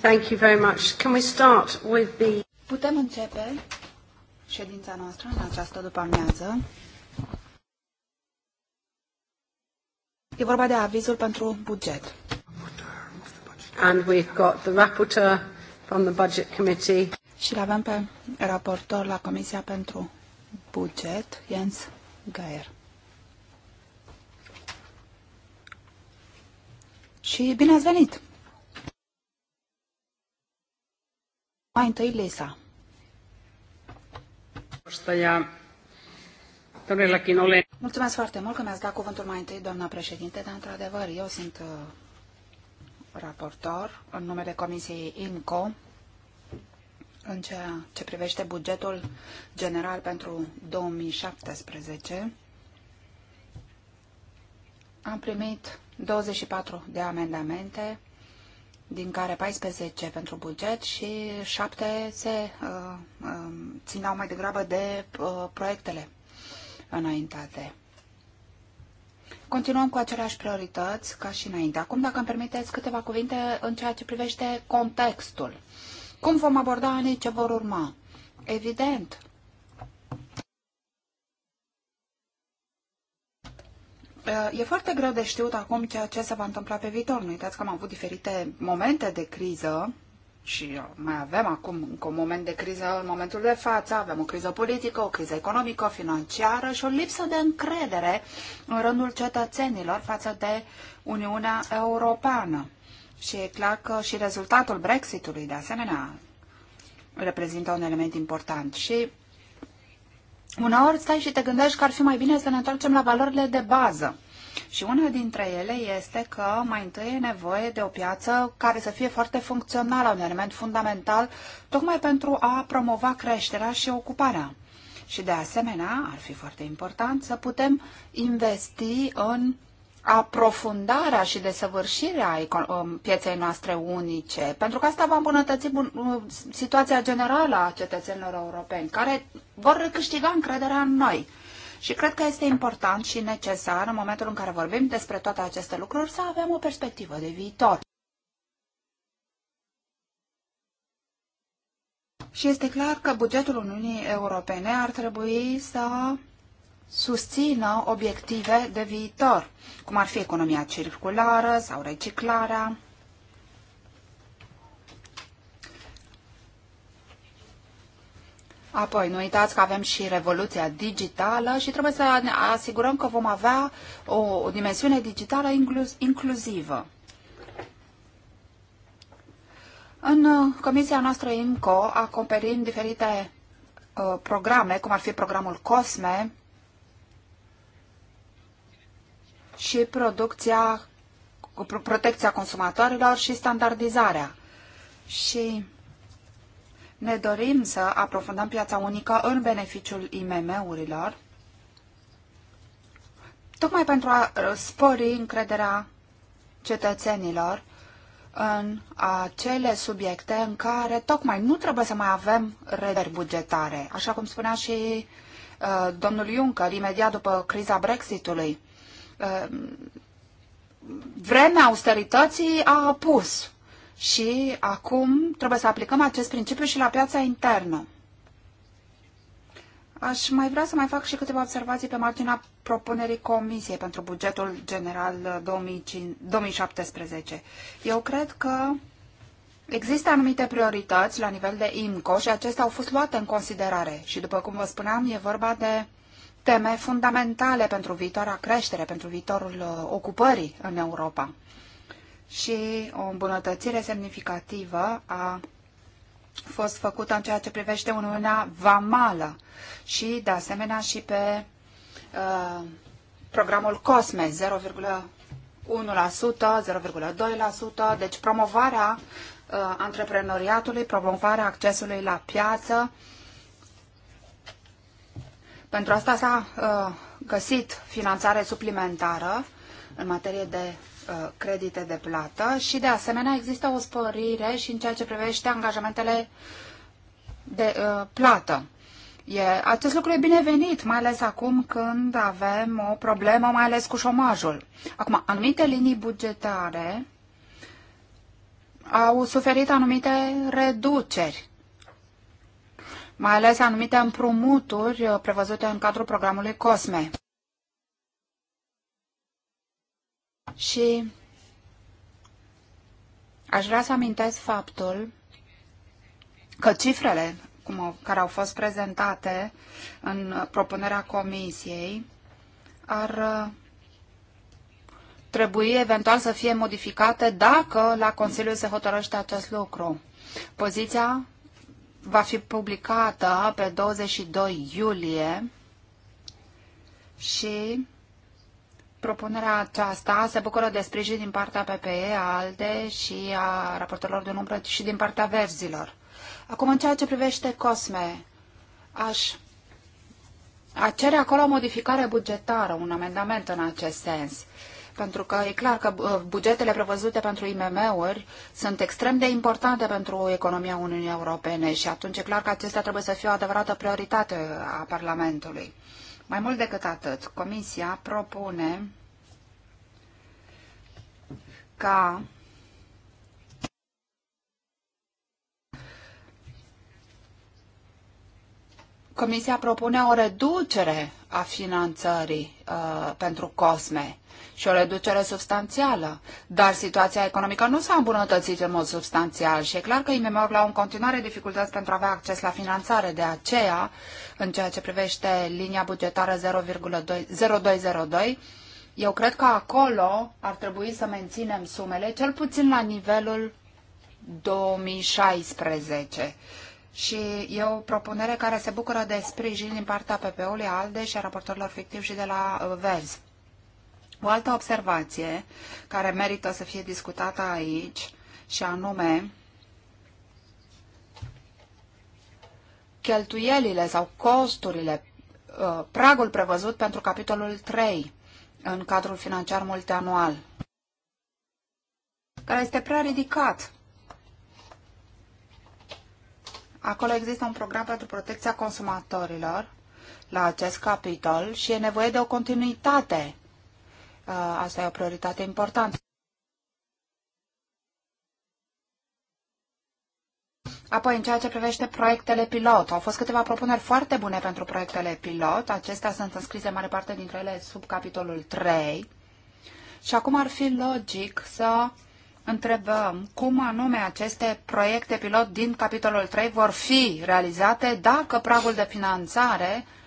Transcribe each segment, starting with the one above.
Thank you very much. Can we start with the... Putem începe ședința noastră în această după-amiază. E vorba de avizul pentru buget. And we've got the rapporteur from the budget committee. Și l-avem pe raportor la Comisia pentru Buget, Jens Geier. Și bine ați venit! Mai întâi, Lisa. Mulțumesc foarte mult că mi-ați dat cuvântul mai întâi, doamna președinte, dar într-adevăr eu sunt uh, raportor în numele Comisiei INCO în ceea ce privește bugetul general pentru 2017. Am primit 24 de amendamente din care 14 pentru buget și 7 se uh, uh, țineau mai degrabă de uh, proiectele înaintate. Continuăm cu aceleași priorități ca și înainte. Acum, dacă îmi permiteți câteva cuvinte în ceea ce privește contextul. Cum vom aborda anii ce vor urma? Evident, Eh, e foarte greu de știut acum ceea ce se va întâmpla pe viitor. Nu uitați că am avut diferite momente de criză și eh, mai avem acum încă un moment de criză în momentul de față. Avem o criză politică, o criză economică, financiară și o lipsă de încredere în rândul cetățenilor față de Uniunea Europeană. Și e clar că și rezultatul Brexitului, de asemenea, reprezintă un element important. Și uneori stai și te gândești că ar fi mai bine să ne întoarcem la valorile de bază. Și una dintre ele este că mai întâi e nevoie de o piață care să fie foarte funcțională, un element fundamental, tocmai pentru a promova creșterea și ocuparea. Și de asemenea, ar fi foarte important să putem investi în aprofundarea și desăvârșirea um, pieței noastre unice, pentru că asta va îmbunătăți um, situația generală a cetățenilor europeni, care vor recâștiga încrederea în noi. Și cred că este important și necesar, în momentul în care vorbim despre toate aceste lucruri, să avem o perspectivă de viitor. Și este clar că bugetul Uniunii Europene ar trebui să susțină obiective de viitor, cum ar fi economia circulară sau reciclarea. Apoi, nu uitați că avem și revoluția digitală și trebuie să ne asigurăm că vom avea o, o dimensiune digitală inclus, inclusivă. În uh, comisia noastră IMCO acoperim diferite uh, programe, cum ar fi programul COSME, și producția, protecția consumatorilor și standardizarea. Și ne dorim să aprofundăm piața unică în beneficiul IMM-urilor, tocmai pentru a uh, spori încrederea cetățenilor în acele subiecte în care tocmai nu trebuie să mai avem rederi bugetare, așa cum spunea și uh, domnul Juncker imediat după criza Brexitului. Ehm, vremea austerității a apus și acum trebuie să aplicăm acest principiu și la piața internă. Aș mai vrea să mai fac și câteva observații pe marginea propunerii Comisiei pentru bugetul general 2017. Uh, Eu cred că există anumite priorități la nivel de IMCO și acestea au fost luate în considerare. Și după cum vă spuneam, e vorba de teme fundamentale pentru viitoarea creștere, pentru viitorul uh, ocupării în Europa și o îmbunătățire semnificativă a fost făcută în ceea ce privește Uniunea Vamală și, de asemenea, și pe uh, programul COSME 0,1%, 0,2%, deci promovarea uh, antreprenoriatului, promovarea accesului la piață, uh, pentru asta s-a uh, găsit finanțare suplimentară în materie de uh, credite de plată și, de asemenea, există o sporire și în ceea ce privește angajamentele de uh, plată. E, acest lucru e binevenit, mai ales acum când avem o problemă, mai ales cu șomajul. Acum, anumite linii bugetare au suferit anumite reduceri mai ales anumite împrumuturi uh, prevăzute în cadrul programului COSME. Și aș vrea să amintesc faptul că cifrele cum, care au fost prezentate în uh, propunerea comisiei ar uh, trebui eventual să fie modificate dacă la Consiliu se hotărăște acest lucru. Poziția va fi publicată pe 22 iulie și propunerea aceasta se bucură de sprijin din partea PPE, a ALDE și a raportorilor de umbră și din partea verzilor. Acum, în ceea ce privește COSME, aș a cere acolo o modificare bugetară, un amendament în acest sens pentru că e clar că uh, bugetele prevăzute pentru IMM-uri sunt extrem de importante pentru economia Uniunii Europene și atunci e clar că acestea trebuie să fie o adevărată prioritate a Parlamentului. Mai mult decât atât, Comisia propune ca Comisia propune o reducere a finanțării uh, pentru COSME și o reducere substanțială. Dar situația economică nu s-a îmbunătățit în mod substanțial și e clar că IMM-urile au în continuare dificultăți pentru a avea acces la finanțare. De aceea, în ceea ce privește linia bugetară 0,202, eu cred că acolo ar trebui să menținem sumele cel puțin la nivelul 2016. Și e o propunere care se bucură de sprijin din partea PP-ului, ALDE și a raportorilor fictivi și de la uh, VERS. O altă observație care merită să fie discutată aici și anume cheltuielile sau costurile, uh, pragul prevăzut pentru capitolul 3 în cadrul financiar multianual, care este prea ridicat. Acolo există un program pentru protecția consumatorilor la acest capitol și e nevoie de o continuitate Uh, asta e o prioritate importantă. Apoi, în ceea ce privește proiectele pilot, au fost câteva propuneri foarte bune pentru proiectele pilot. Acestea sunt înscrise mare parte dintre ele sub capitolul 3. Și acum ar fi logic să întrebăm cum anume aceste proiecte pilot din capitolul 3 vor fi realizate dacă pragul de finanțare uh,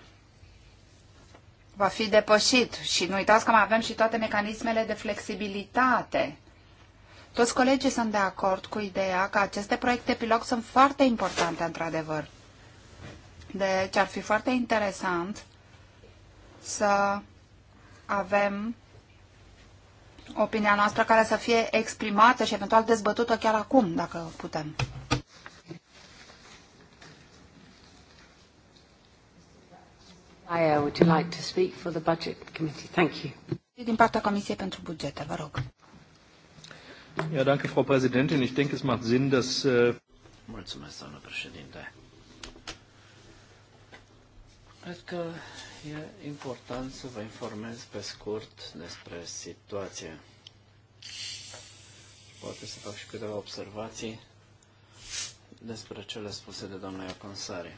va fi depășit și nu uitați că mai avem și toate mecanismele de flexibilitate. Toți colegii sunt de acord cu ideea că aceste proiecte pilot sunt foarte importante, într-adevăr. Deci ar fi foarte interesant să avem opinia noastră care să fie exprimată și eventual dezbătută chiar acum, dacă putem. Aia, would you like to speak for the budget committee? Thank you. Din partea Comisiei pentru Bugete, vă rog. Ja, danke, Frau Präsidentin. Ich denke, es macht Sinn, dass... Äh, Mulțumesc, doamnă președinte. Cred că e important să vă informez pe scurt despre situație. Poate să fac și câteva observații despre cele spuse de doamna Iaconsari.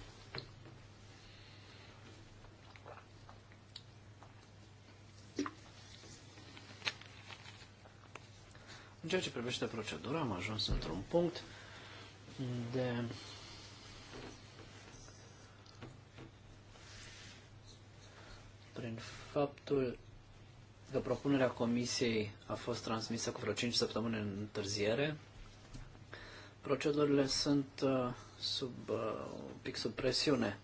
În ceea ce privește procedura, am ajuns într-un punct de prin faptul că propunerea comisiei a fost transmisă cu vreo 5 săptămâni în întârziere, procedurile sunt uh, sub, uh, un pic sub presiune.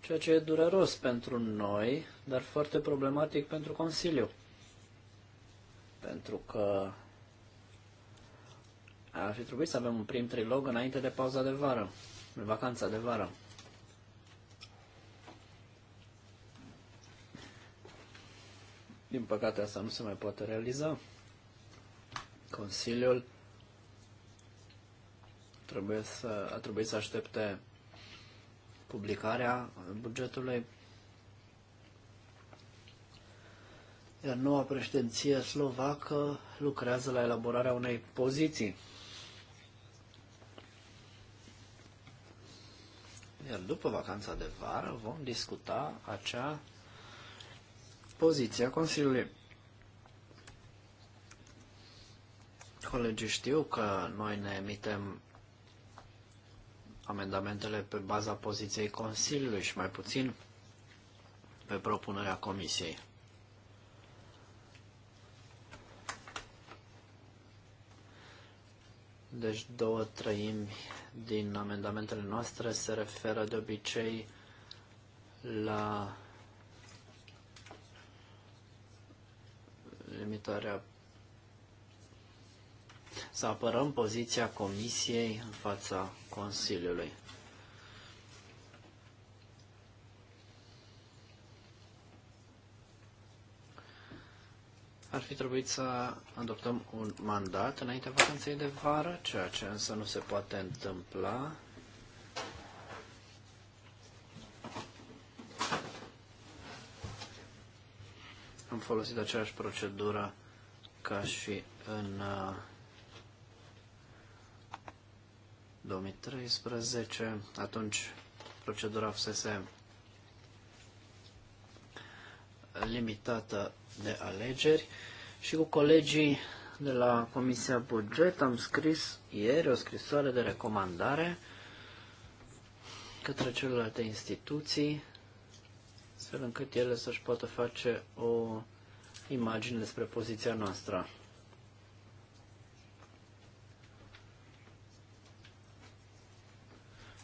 Ceea ce e dureros pentru noi, dar foarte problematic pentru Consiliu pentru că ar fi trebuit să avem un prim trilog înainte de pauza de vară, de vacanța de vară. Din păcate asta nu se mai poate realiza. Consiliul trebuie să, a trebuit să aștepte publicarea bugetului iar noua președinție slovacă lucrează la elaborarea unei poziții. Iar după vacanța de vară vom discuta acea poziție a Consiliului. Colegii știu că noi ne emitem amendamentele pe baza poziției Consiliului și mai puțin pe propunerea Comisiei. Deci două trăimi din amendamentele noastre se referă de obicei la limitarea să apărăm poziția Comisiei în fața Consiliului. ar fi trebuit să adoptăm un mandat înaintea vacanței de vară, ceea ce însă nu se poate întâmpla. Am folosit aceeași procedură ca și în 2013. Uh, Atunci procedura fusese limitată de alegeri și cu colegii de la Comisia Buget am scris ieri o scrisoare de recomandare către celelalte instituții astfel încât ele să-și poată face o imagine despre poziția noastră.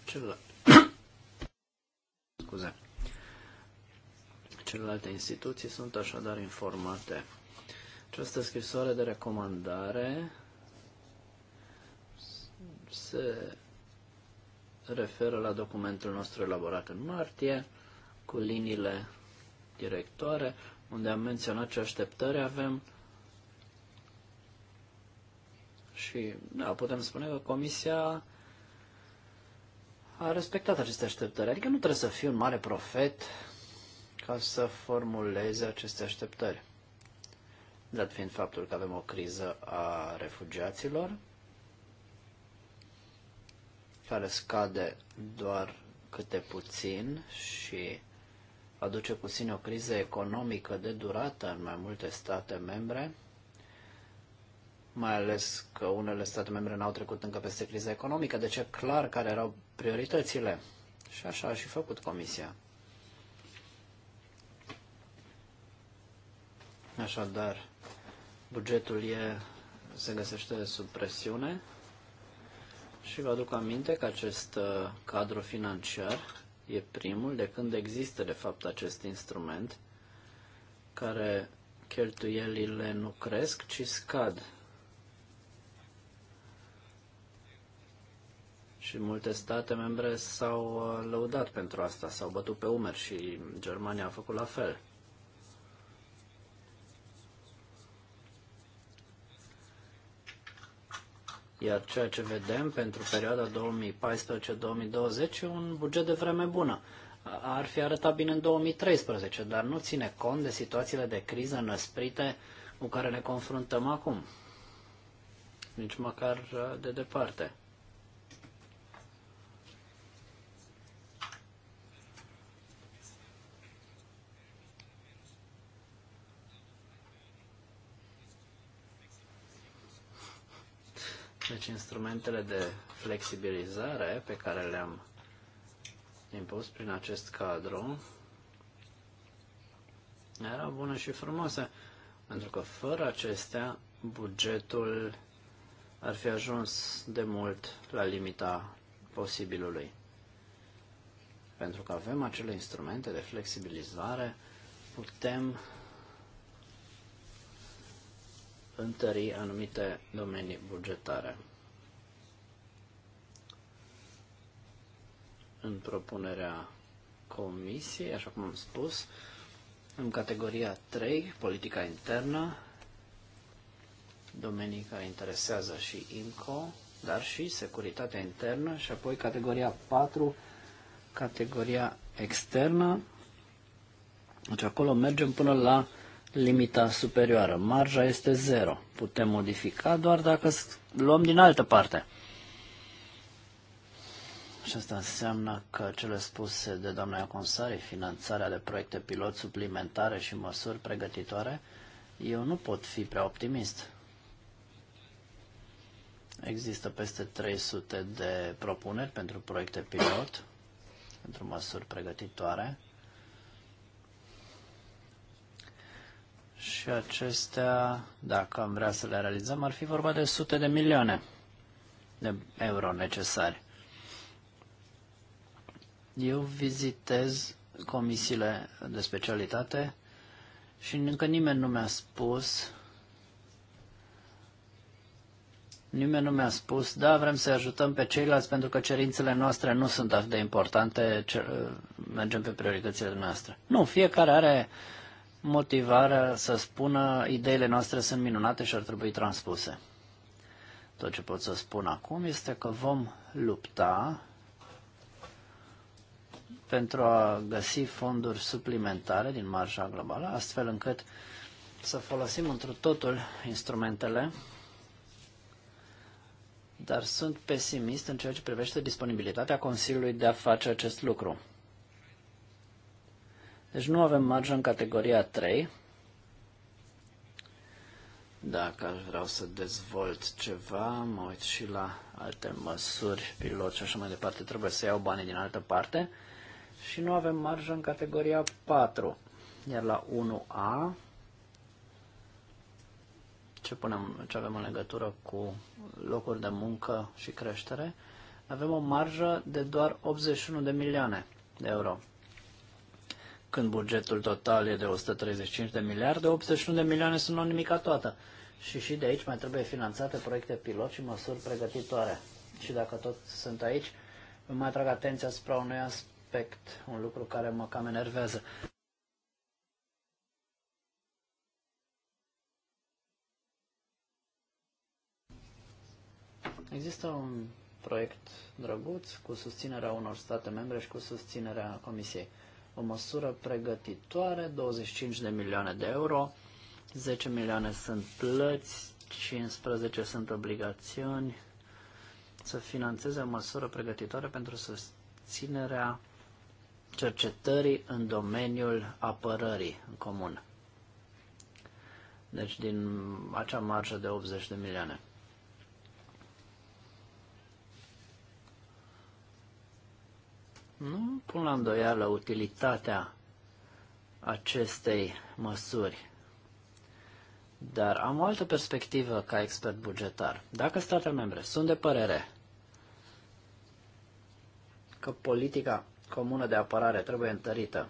Celălalt. Scuze. Celelalte instituții sunt așadar informate. Această scrisoare de recomandare se referă la documentul nostru elaborat în martie, cu liniile directoare, unde am menționat ce așteptări avem și da, putem spune că Comisia a respectat aceste așteptări. Adică nu trebuie să fii un mare profet ca să formuleze aceste așteptări. Dat fiind faptul că avem o criză a refugiaților, care scade doar câte puțin și aduce cu sine o criză economică de durată în mai multe state membre, mai ales că unele state membre n-au trecut încă peste criza economică, deci e clar care erau prioritățile. Și așa a și făcut Comisia. Așadar, bugetul e, se găsește sub presiune și vă aduc aminte că acest uh, cadru financiar e primul de când există de fapt acest instrument care cheltuielile nu cresc, ci scad. Și multe state membre s-au uh, lăudat pentru asta, s-au bătut pe umeri și Germania a făcut la fel. Iar ceea ce vedem pentru perioada 2014-2020 e un buget de vreme bună. Ar fi arătat bine în 2013, dar nu ține cont de situațiile de criză năsprite cu care ne confruntăm acum. Nici măcar de departe. Deci instrumentele de flexibilizare pe care le-am impus prin acest cadru erau bune și frumoase, pentru că fără acestea bugetul ar fi ajuns de mult la limita posibilului. Pentru că avem acele instrumente de flexibilizare, putem întări anumite domenii bugetare. În propunerea comisiei, așa cum am spus, în categoria 3, politica internă, domenii care interesează și IMCO, dar și securitatea internă și apoi categoria 4, categoria externă. Deci acolo mergem până la limita superioară. Marja este 0. Putem modifica doar dacă luăm din altă parte. Și asta înseamnă că cele spuse de doamna Iaconsari, finanțarea de proiecte pilot suplimentare și măsuri pregătitoare, eu nu pot fi prea optimist. Există peste 300 de propuneri pentru proiecte pilot, pentru măsuri pregătitoare. și acestea, dacă am vrea să le realizăm, ar fi vorba de sute de milioane de euro necesari. Eu vizitez comisiile de specialitate și încă nimeni nu mi-a spus Nimeni nu mi-a spus, da, vrem să ajutăm pe ceilalți pentru că cerințele noastre nu sunt atât de importante, ce, mergem pe prioritățile noastre. Nu, fiecare are uh, motivarea să spună ideile noastre sunt minunate și ar trebui transpuse. Tot ce pot să spun acum este că vom lupta pentru a găsi fonduri suplimentare din marja globală, astfel încât să folosim într totul instrumentele, dar sunt pesimist în ceea ce privește disponibilitatea Consiliului de a face acest lucru. Deci nu avem marjă în categoria 3. Dacă vreau să dezvolt ceva, mă uit și la alte măsuri, pilot și așa mai departe, trebuie să iau banii din altă parte. Și nu avem marjă în categoria 4. Iar la 1A, ce, punem, ce avem în legătură cu locuri de muncă și creștere, avem o marjă de doar 81 de milioane de euro când bugetul total e de 135 de miliarde, 81 de milioane sunt o nimica toată. Și și de aici mai trebuie finanțate proiecte pilot și măsuri pregătitoare. Și dacă tot sunt aici, îmi mai atrag atenția asupra unui aspect, un lucru care mă cam enervează. Există un proiect drăguț cu susținerea unor state membre și cu susținerea Comisiei o măsură pregătitoare, 25 de milioane de euro, 10 milioane sunt plăți, 15 sunt obligațiuni, să financeze o măsură pregătitoare pentru susținerea cercetării în domeniul apărării în comun. Deci din acea marjă de 80 de milioane. Nu pun la îndoială utilitatea acestei măsuri. Dar am o altă perspectivă ca expert bugetar. Dacă statele membre sunt de părere că politica comună de apărare trebuie întărită,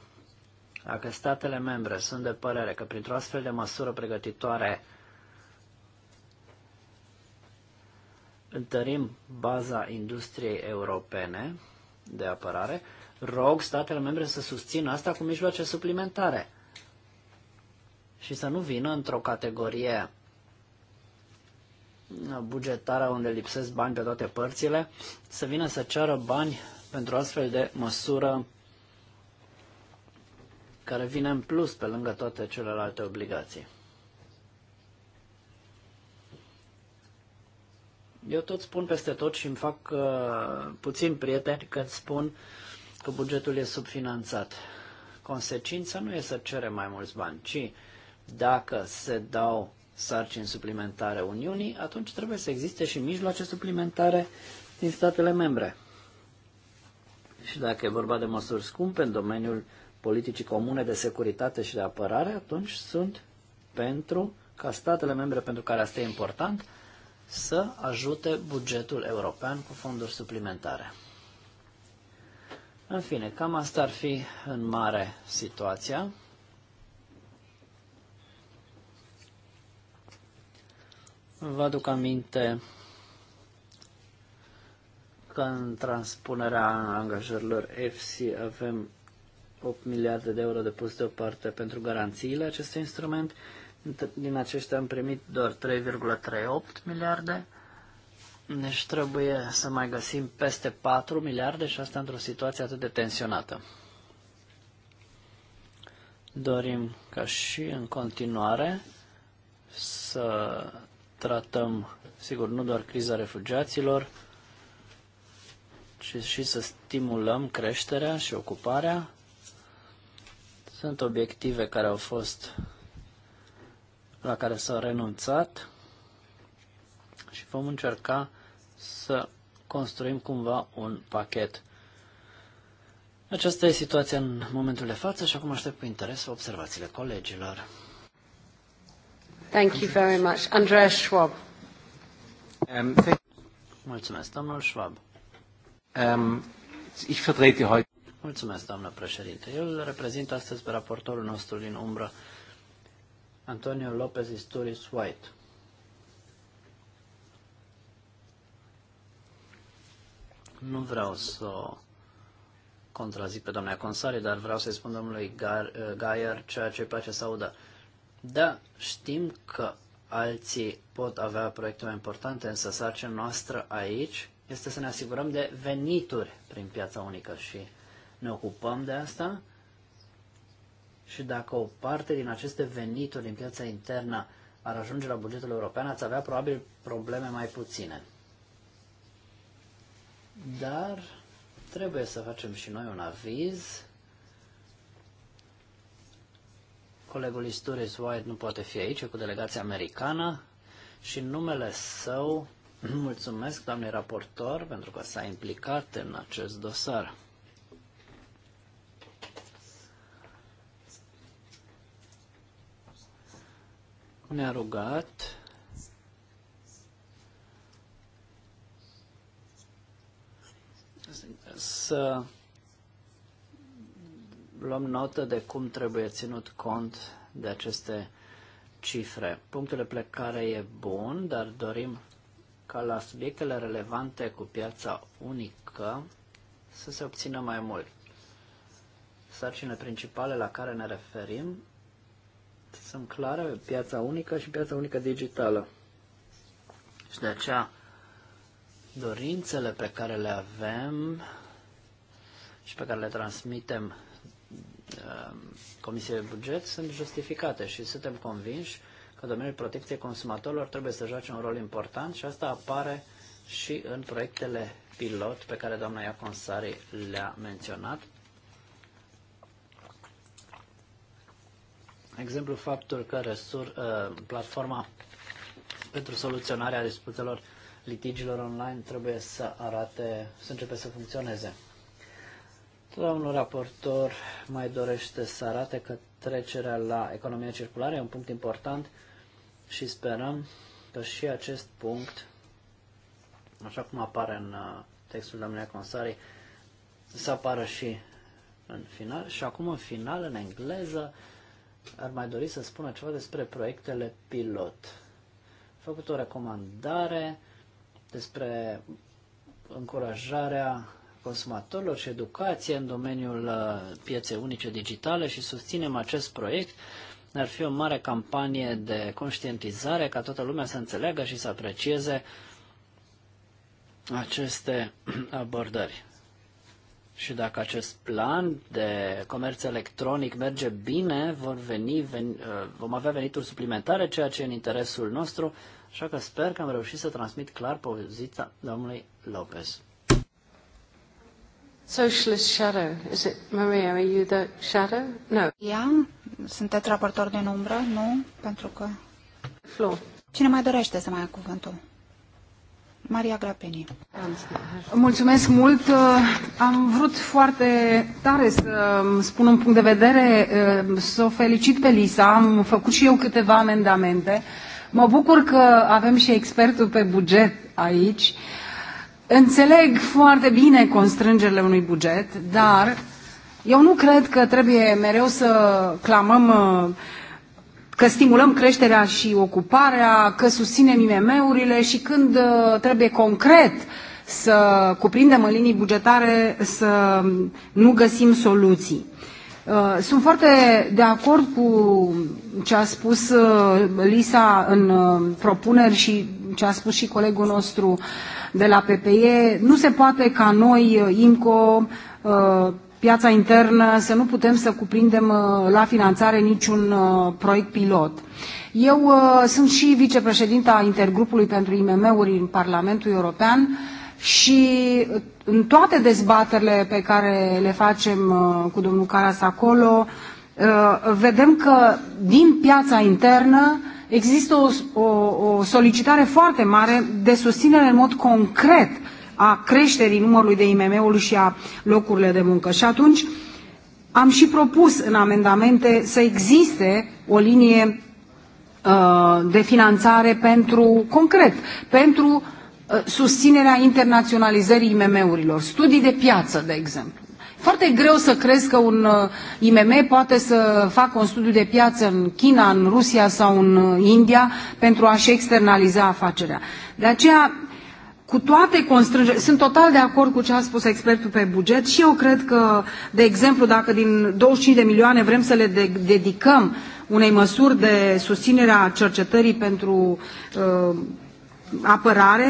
dacă statele membre sunt de părere că printr-o astfel de măsură pregătitoare întărim baza industriei europene, de apărare, rog statele membre să susțină asta cu mijloace suplimentare și să nu vină într-o categorie bugetară unde lipsesc bani pe toate părțile, să vină să ceară bani pentru astfel de măsură care vine în plus pe lângă toate celelalte obligații. Eu tot spun peste tot și îmi fac uh, puțin prieteni când spun că bugetul e subfinanțat. Consecința nu e să cerem mai mulți bani, ci dacă se dau sarcini suplimentare Uniunii, atunci trebuie să existe și mijloace suplimentare din statele membre. Și dacă e vorba de măsuri scumpe în domeniul politicii comune de securitate și de apărare, atunci sunt pentru ca statele membre pentru care asta e important să ajute bugetul european cu fonduri suplimentare. În fine, cam asta ar fi în mare situația. Vă aduc aminte că în transpunerea angajărilor FC avem 8 miliarde de euro depus deoparte pentru garanțiile acestui instrument din aceștia am primit doar 3,38 miliarde. Deci trebuie să mai găsim peste 4 miliarde și asta într-o situație atât de tensionată. Dorim ca și în continuare să tratăm, sigur, nu doar criza refugiaților, ci și să stimulăm creșterea și ocuparea. Sunt obiective care au fost la care s-a renunțat și vom încerca să construim cumva un pachet. Aceasta e situația în momentul de față și acum aștept cu interes observațiile colegilor. Thank you very much. Andreas Schwab. Um, Mulțumesc, domnul Schwab. Um, ich vertrete heute. Mulțumesc, doamnă președinte. Eu îl reprezint astăzi pe raportorul nostru din umbră, Antonio Lopez Isturiz White. Nu vreau să contrazic pe doamna Consari, dar vreau să-i spun domnului uh, Gaier ceea ce îi place să audă. Da, știm că alții pot avea proiecte mai importante, însă sarcina noastră aici este să ne asigurăm de venituri prin piața unică și ne ocupăm de asta și dacă o parte din aceste venituri din piața internă ar ajunge la bugetul european, ați avea probabil probleme mai puține. Dar trebuie să facem și noi un aviz. Colegul Isturis White nu poate fi aici, cu delegația americană și în numele său mulțumesc doamnei raportor pentru că s-a implicat în acest dosar. ne-a rugat să luăm notă de cum trebuie ținut cont de aceste cifre. Punctul de plecare e bun, dar dorim ca la subiectele relevante cu piața unică să se obțină mai mult. Sarcinile principale la care ne referim sunt clare piața unică și piața unică digitală. Și de aceea dorințele pe care le avem și pe care le transmitem uh, Comisiei de Buget sunt justificate și suntem convinși că domeniul protecției consumatorilor trebuie să joace un rol important și asta apare și în proiectele pilot pe care doamna Iaconsari le-a menționat exemplu faptul că resur, uh, platforma pentru soluționarea disputelor litigiilor online trebuie să arate, să începe să funcționeze. Domnul raportor mai dorește să arate că trecerea la economia circulară e un punct important și sperăm că și acest punct, așa cum apare în uh, textul domnului Consari, să apară și în final. Și acum în final, în engleză, ar mai dori să spună ceva despre proiectele pilot. A făcut o recomandare despre încurajarea consumatorilor și educație în domeniul uh, pieței unice digitale și susținem acest proiect. Ar fi o mare campanie de conștientizare ca toată lumea să înțeleagă și să aprecieze aceste abordări. Și dacă acest plan de comerț electronic merge bine, vor veni, ven, uh, vom avea venituri suplimentare, ceea ce e în interesul nostru, așa că sper că am reușit să transmit clar poziția domnului Lopez. Socialist shadow, is it Maria? Are you the shadow? No. Ia, sunteți raportor din umbră? Nu, pentru că... Floor. Cine mai dorește să mai ia cuvântul? Maria Grapeni. Mulțumesc mult. Am vrut foarte tare să spun un punct de vedere, eh, să o felicit pe Lisa. Am făcut și eu câteva amendamente. Mă bucur că avem și expertul pe buget aici. Înțeleg foarte bine constrângerile unui buget, dar eu nu cred că trebuie mereu să clamăm uh, că stimulăm creșterea și ocuparea, că susținem IMM-urile și când uh, trebuie concret să cuprindem în linii bugetare să nu găsim soluții. Uh, sunt foarte de acord cu ce a spus uh, Lisa în propuneri și ce a spus și colegul nostru de la PPE. Nu se poate ca noi, IMCO, piața internă, să nu putem să cuprindem uh, la finanțare niciun uh, proiect pilot. Eu uh, sunt și vicepreședinta intergrupului pentru IMM-uri în Parlamentul European și în toate dezbaterile pe care le facem cu domnul Caras acolo, vedem că din piața internă există o, o, o solicitare foarte mare de susținere în mod concret a creșterii numărului de IMM-uri și a locurilor de muncă. Și atunci am și propus în amendamente să existe o linie uh, de finanțare pentru, concret, pentru uh, susținerea internaționalizării IMM-urilor, studii de piață, de exemplu. Foarte greu să crezi că un uh, IMM poate să facă un studiu de piață în China, în Rusia sau în India pentru a-și externaliza afacerea. De aceea cu toate constrângerile, sunt total de acord cu ce a spus expertul pe buget și eu cred că, de exemplu, dacă din 25 de milioane vrem să le de dedicăm unei măsuri de susținere a cercetării pentru uh, apărare,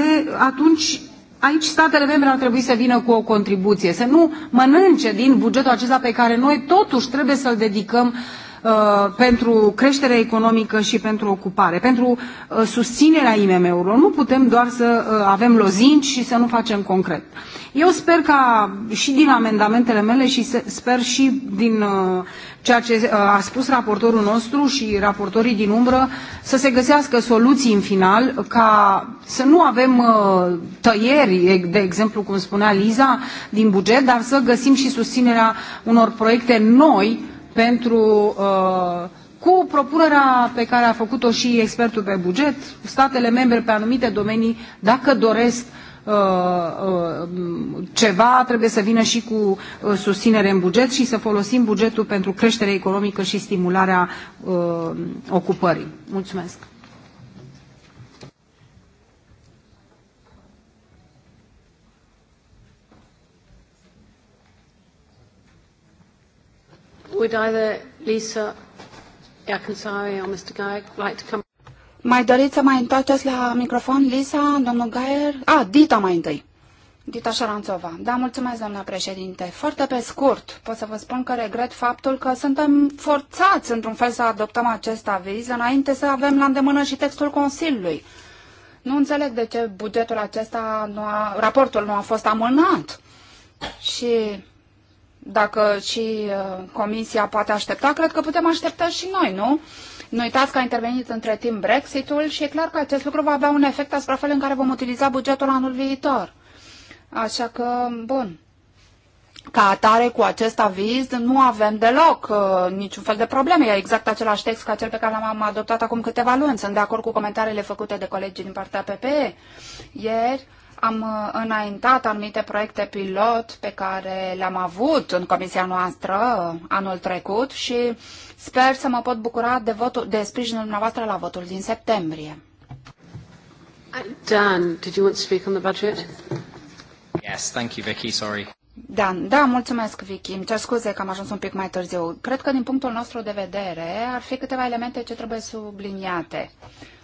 atunci aici statele membre ar trebui să vină cu o contribuție, să nu mănânce din bugetul acesta pe care noi totuși trebuie să-l dedicăm uh, Uh, pentru creșterea economică și pentru ocupare, pentru uh, susținerea IMM-urilor. Nu putem doar să uh, avem lozinci și să nu facem concret. Eu sper ca și din amendamentele mele și sper și din ceea ce a spus raportorul nostru și raportorii din umbră să se găsească soluții în final ca să nu avem tăieri, de exemplu cum spunea Liza, din buget, dar să găsim și susținerea unor proiecte noi pentru, uh, cu propunerea pe care a făcut-o și expertul pe buget, statele membre pe anumite domenii, dacă doresc uh, uh, ceva, trebuie să vină și cu uh, susținere în buget și să folosim bugetul pentru creștere economică și stimularea uh, ocupării. Mulțumesc! Would either Lisa Yakansari or Mr. Geier like to come? Mai doriți să mai întoarceți la microfon, Lisa, domnul Gaier? A, ah, Dita mai întâi. Dita Șaranțova. Da, mulțumesc, doamna președinte. Foarte pe scurt, pot să vă spun că regret faptul că suntem forțați, într-un fel, să adoptăm acest aviz înainte să avem la îndemână și textul Consiliului. Nu înțeleg de ce bugetul acesta, nu a, raportul nu a fost amânat. Și dacă și uh, comisia poate aștepta, cred că putem aștepta și noi, nu? Nu uitați că a intervenit între timp Brexitul și e clar că acest lucru va avea un efect asupra felului în care vom utiliza bugetul anul viitor. Așa că, bun. Ca atare cu acest aviz nu avem deloc uh, niciun fel de probleme. E exact același text ca cel pe care l-am adoptat acum câteva luni. Sunt de acord cu comentariile făcute de colegii din partea PPE. Ieri am uh, înaintat anumite proiecte pilot pe care le-am avut în comisia noastră uh, anul trecut și sper să mă pot bucura de, votul, de sprijinul dumneavoastră la votul din septembrie. Dan, did you want to speak on the budget? Yes, thank you, Vicky, sorry. Dan, da, mulțumesc, Vicky. Îmi cer scuze că am ajuns un pic mai târziu. Cred că, din punctul nostru de vedere, ar fi câteva elemente ce trebuie subliniate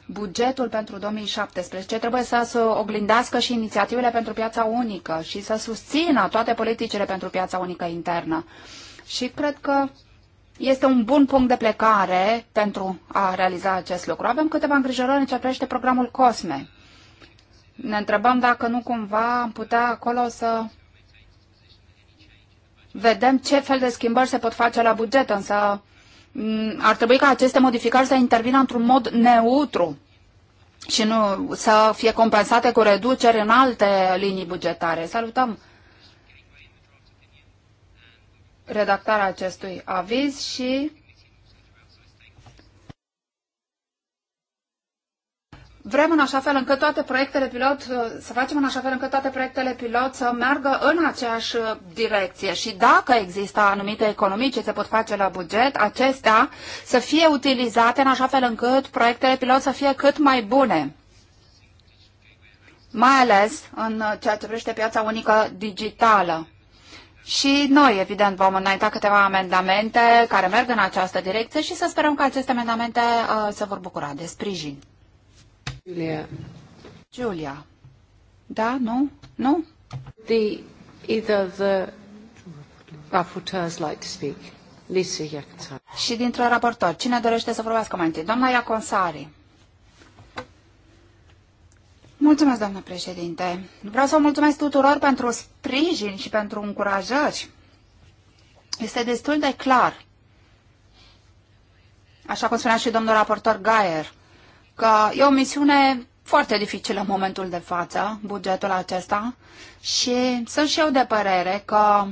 bugetul pentru 2017 trebuie să se oglindească și inițiativele pentru piața unică și să susțină toate politicile pentru piața unică internă. Și cred că este un bun punct de plecare pentru a realiza acest lucru. Avem câteva îngrijorări în ce privește programul COSME. Ne întrebăm dacă nu cumva am putea acolo să vedem ce fel de schimbări se pot face la buget, însă Mm, ar trebui ca aceste modificări să intervină într-un mod neutru și nu să fie compensate cu reduceri în alte linii bugetare. Salutăm redactarea acestui aviz și Vrem în așa fel încât toate proiectele pilot, uh, să facem în așa fel încât toate proiectele pilot să meargă în aceeași uh, direcție și dacă există anumite economii ce se pot face la buget, acestea să fie utilizate în așa fel încât proiectele pilot să fie cât mai bune mai ales în uh, ceea ce privește piața unică digitală. Și noi, evident, vom înainta câteva amendamente care merg în această direcție și să sperăm că aceste amendamente uh, se vor bucura de sprijin. Julia. Julia. Da? Nu? Nu? The, either the rapporteurs like to speak. Lisa Iaconsari. Și dintre raportor, cine dorește să vorbească mai întâi? Doamna Iaconsari. Mulțumesc, doamnă președinte. Vreau să vă mulțumesc tuturor pentru sprijin și pentru încurajări. Este destul de clar, așa cum spunea și domnul raportor Gaier, că e o misiune foarte dificilă în momentul de față, bugetul acesta, și sunt și eu de părere că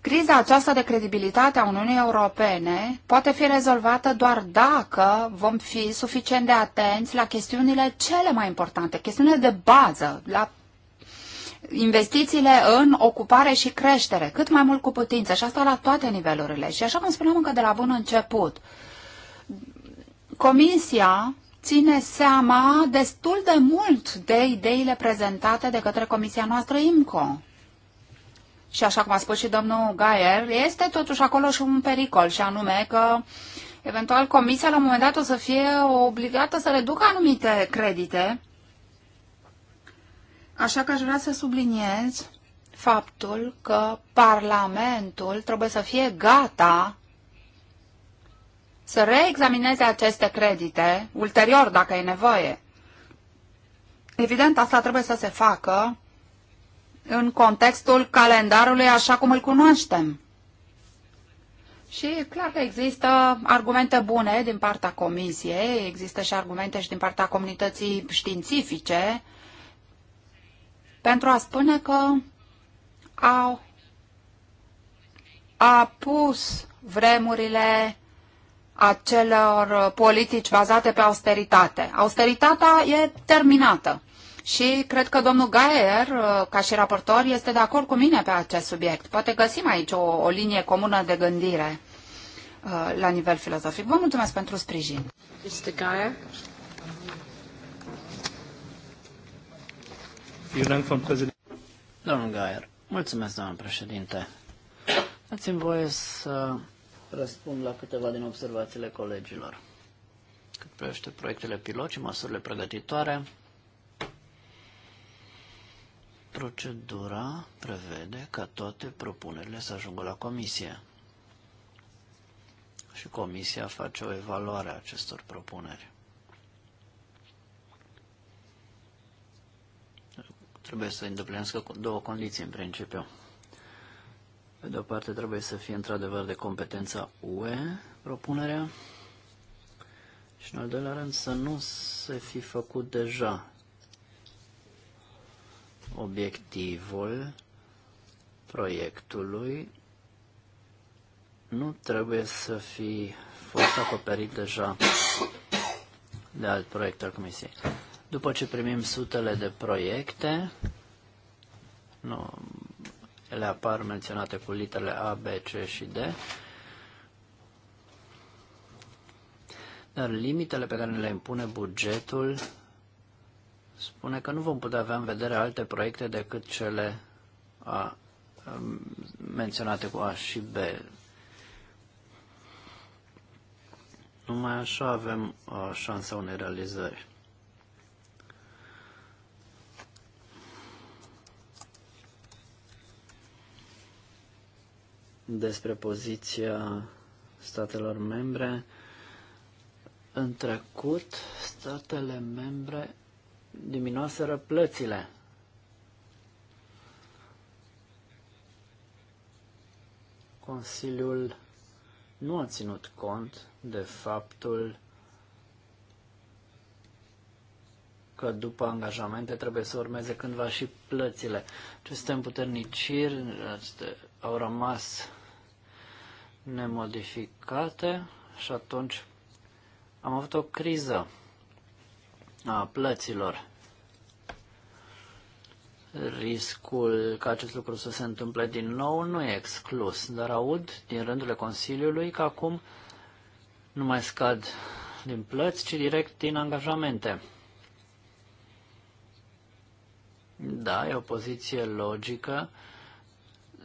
criza aceasta de credibilitate a Uniunii Europene poate fi rezolvată doar dacă vom fi suficient de atenți la chestiunile cele mai importante, chestiunile de bază, la investițiile în ocupare și creștere, cât mai mult cu putință, și asta la toate nivelurile. Și așa cum spuneam încă de la bun început, Comisia ține seama destul de mult de ideile prezentate de către comisia noastră IMCO. Și așa cum a spus și domnul Gaier, este totuși acolo și un pericol, și anume că eventual comisia la un moment dat o să fie obligată să reducă anumite credite. Așa că aș vrea să subliniez faptul că Parlamentul trebuie să fie gata să reexamineze aceste credite ulterior, dacă e nevoie. Evident, asta trebuie să se facă în contextul calendarului așa cum îl cunoaștem. Și clar că există argumente bune din partea comisiei, există și argumente și din partea comunității științifice pentru a spune că au a pus vremurile acelor politici bazate pe austeritate. Austeritatea e terminată. Și cred că domnul Gaier, uh, ca și raportor, este de acord cu mine pe acest subiect. Poate găsim aici o, o linie comună de gândire uh, la nivel filozofic. Vă mulțumesc pentru sprijin. Mr. Gaier. Domnul Gaier, mulțumesc, doamnă președinte. ați mi voie să răspund la câteva din observațiile colegilor. Cât privește proiectele pilot și măsurile pregătitoare, procedura prevede ca toate propunerile să ajungă la comisie și comisia face o evaluare a acestor propuneri. Trebuie să îndeplinească două condiții în principiu. Pe de o parte trebuie să fie într-adevăr de competența UE propunerea și în al doilea rând să nu se fi făcut deja obiectivul proiectului nu trebuie să fi fost acoperit deja de alt proiect al Comisiei. După ce primim sutele de proiecte, nu, ele apar menționate cu literele A, B, C și D. Dar limitele pe care le impune bugetul spune că nu vom putea avea în vedere alte proiecte decât cele A, menționate cu A și B. Numai așa avem o șansă unei realizări. despre poziția statelor membre. În trecut, statele membre diminuaseră plățile. Consiliul nu a ținut cont de faptul că după angajamente trebuie să urmeze cândva și plățile. Aceste împuterniciri aceste, au rămas nemodificate și atunci am avut o criză a plăților. Riscul ca acest lucru să se întâmple din nou nu e exclus, dar aud din rândurile Consiliului că acum nu mai scad din plăți, ci direct din angajamente. Da, e o poziție logică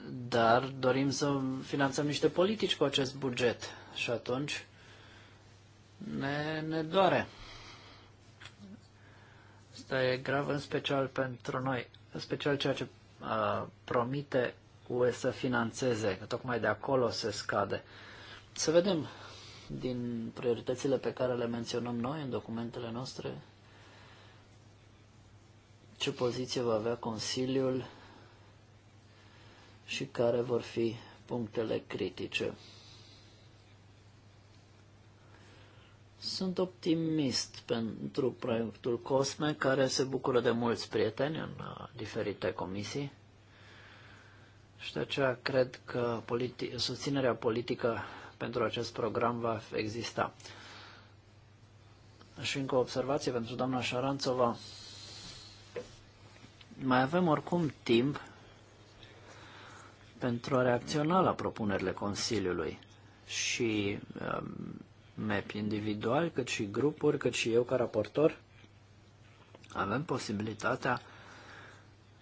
dar dorim să finanțăm niște politici cu acest buget și atunci ne, ne doare. Asta e grav în special pentru noi, în special ceea ce uh, promite UE să financeze, că tocmai de acolo se scade. Să vedem din prioritățile pe care le menționăm noi în documentele noastre ce poziție va avea Consiliul și care vor fi punctele critice. Sunt optimist pentru proiectul COSME, care se bucură de mulți prieteni în uh, diferite comisii și de aceea cred că politi- susținerea politică pentru acest program va exista. Și încă o observație pentru doamna Șaranțova. Mai avem oricum timp pentru a reacționa la propunerile Consiliului și um, MEP individual, cât și grupuri, cât și eu ca raportor, avem posibilitatea,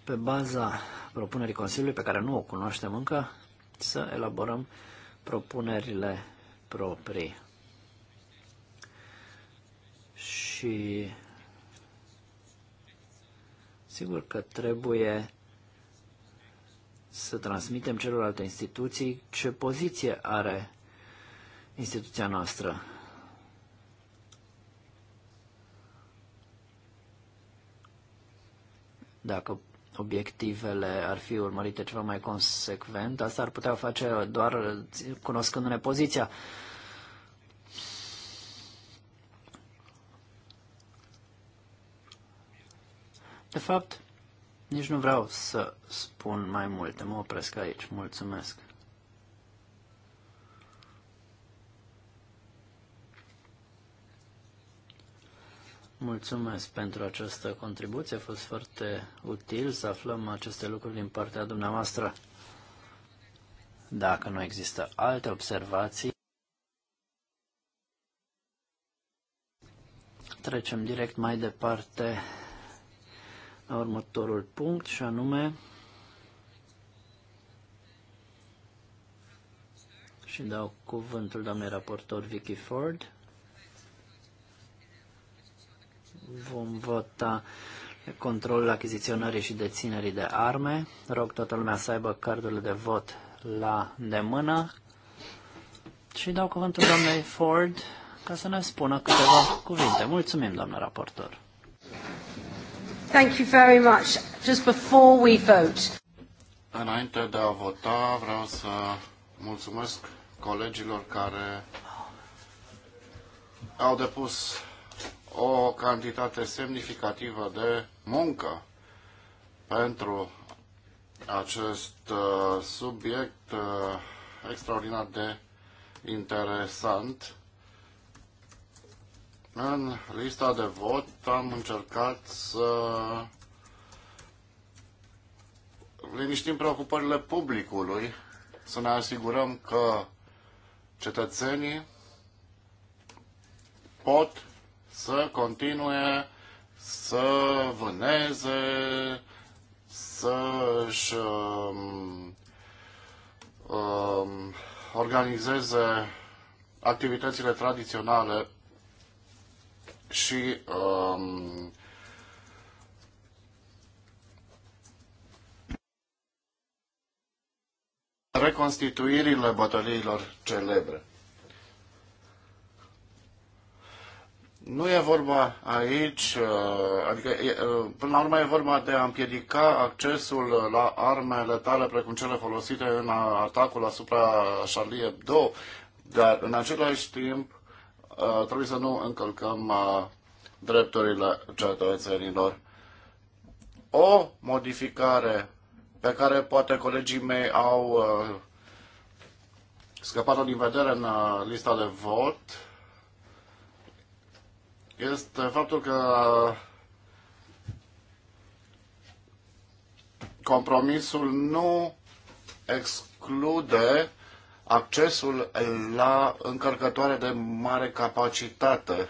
pe baza propunerii Consiliului, pe care nu o cunoaștem încă, să elaborăm propunerile proprii. Și sigur că trebuie să transmitem celorlalte instituții ce poziție are instituția noastră. Dacă obiectivele ar fi urmărite ceva mai consecvent, asta ar putea face doar cunoscându-ne poziția. De fapt, nici nu vreau să spun mai multe, mă opresc aici. Mulțumesc. Mulțumesc pentru această contribuție, a fost foarte util să aflăm aceste lucruri din partea dumneavoastră. Dacă nu există alte observații, trecem direct mai departe la următorul punct și anume și dau cuvântul doamnei raportor Vicky Ford. Vom vota controlul achiziționării și deținerii de arme. Rog toată lumea să aibă cardurile de vot la de mână. Și dau cuvântul doamnei Ford ca să ne spună câteva cuvinte. Mulțumim, doamnă raportor. Thank you very much. Just before we vote. Înainte de a vota, vreau să mulțumesc colegilor care au depus o cantitate semnificativă de muncă pentru acest uh, subiect uh, extraordinar de interesant în lista de vot am încercat să liniștim preocupările publicului, să ne asigurăm că cetățenii pot să continue să vâneze, să-și um, um, organizeze activitățile tradiționale și um, reconstituirile bătăliilor celebre. Nu e vorba aici, uh, adică uh, până la urmă e vorba de a împiedica accesul la arme letale precum cele folosite în atacul asupra Charlie Hebdo, dar în același timp Uh, trebuie să nu încălcăm uh, drepturile cetățenilor. O modificare pe care poate colegii mei au uh, scăpat-o din vedere în lista de vot este faptul că compromisul nu exclude accesul la încărcătoare de mare capacitate.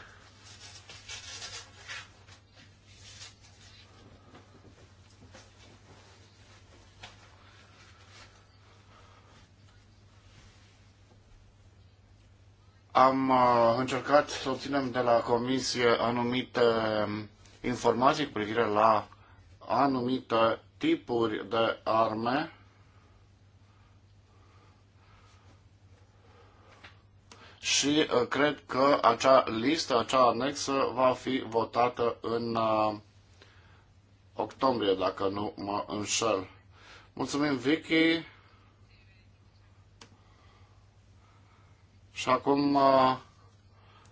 Am uh, încercat să obținem de la Comisie anumite um, informații cu privire la anumite tipuri de arme și uh, cred că acea listă, acea anexă va fi votată în uh, octombrie, dacă nu mă înșel. Mulțumim, Vicky. Și acum uh,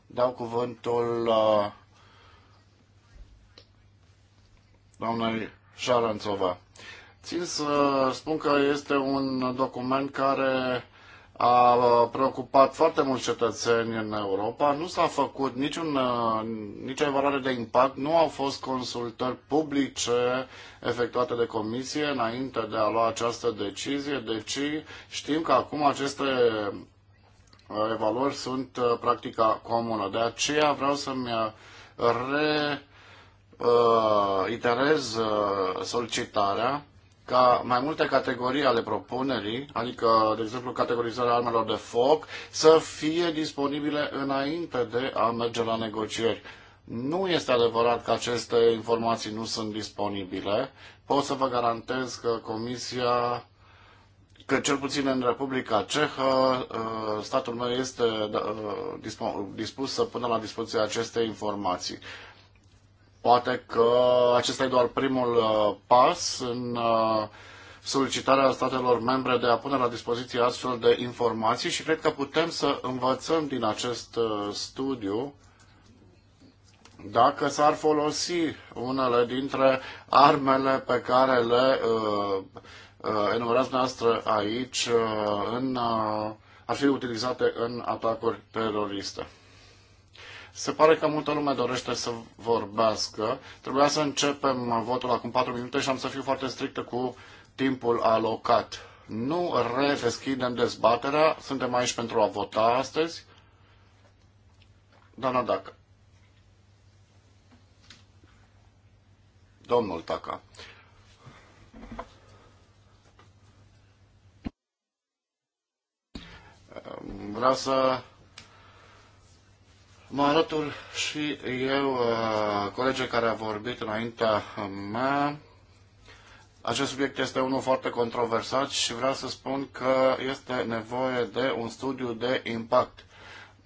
dau cuvântul doamnei Șarănțova. Țin să spun că este un document care a uh, preocupat foarte mulți cetățeni în Europa. Nu s-a făcut niciun, uh, nicio evaluare de impact, nu au fost consultări publice efectuate de comisie înainte de a lua această decizie, deci știm că acum aceste uh, evaluări sunt practica comună. De aceea vreau să-mi reiterez solicitarea ca mai multe categorii ale propunerii, adică, de exemplu, categorizarea armelor de foc, să fie disponibile înainte de a merge la negocieri. Nu este adevărat că aceste informații nu sunt disponibile. Pot să vă garantez că Comisia, că cel puțin în Republica Cehă, uh, statul meu este uh, dispus să pună la dispoziție aceste informații. Poate că acesta e doar primul uh, pas în uh, solicitarea statelor membre de a pune la dispoziție astfel de informații și cred că putem să învățăm din acest uh, studiu dacă s-ar folosi unele dintre armele pe care le uh, uh, enumerați noastră aici uh, în, uh, ar fi utilizate în atacuri teroriste. Se pare că multă lume dorește să vorbească. Trebuia să începem votul acum 4 minute și am să fiu foarte strictă cu timpul alocat. Nu redeschidem dezbaterea, suntem aici pentru a vota astăzi. Doamna Daca. Domnul Taca. Vreau să Mă alătur și eu, uh, colege care a vorbit înaintea mea. Acest subiect este unul foarte controversat și vreau să spun că este nevoie de un studiu de impact.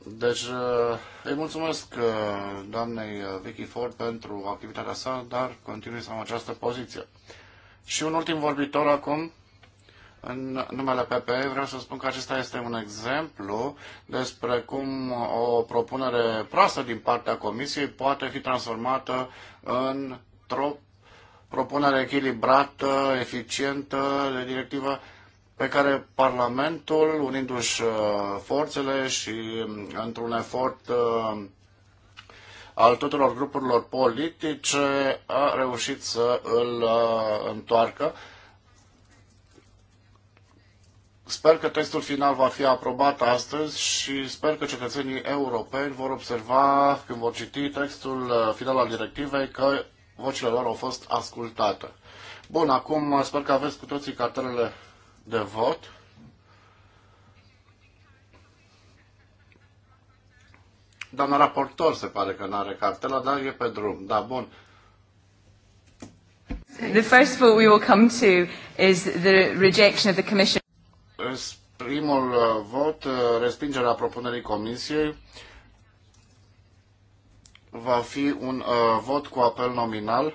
Deci uh, îi mulțumesc uh, doamnei Vicky Ford pentru activitatea sa, dar continui să am această poziție. Și un ultim vorbitor acum, în numele PPE vreau să spun că acesta este un exemplu despre cum o propunere proastă din partea Comisiei poate fi transformată într-o propunere echilibrată, eficientă de directivă pe care Parlamentul, unindu-și uh, forțele și um, într-un efort uh, al tuturor grupurilor politice, a reușit să îl uh, întoarcă. Sper că textul final va fi aprobat astăzi și sper că cetățenii europeni vor observa când vor citi textul uh, final al directivei că vocile lor au fost ascultate. Bun, acum sper că aveți cu toții cartelele de vot. Doamna raportor se pare că nu are cartela, dar e pe drum. Da, bun. The first vote we will come to is the rejection of the Commission primul uh, vot, uh, respingerea propunerii comisiei, va fi un uh, vot cu apel nominal.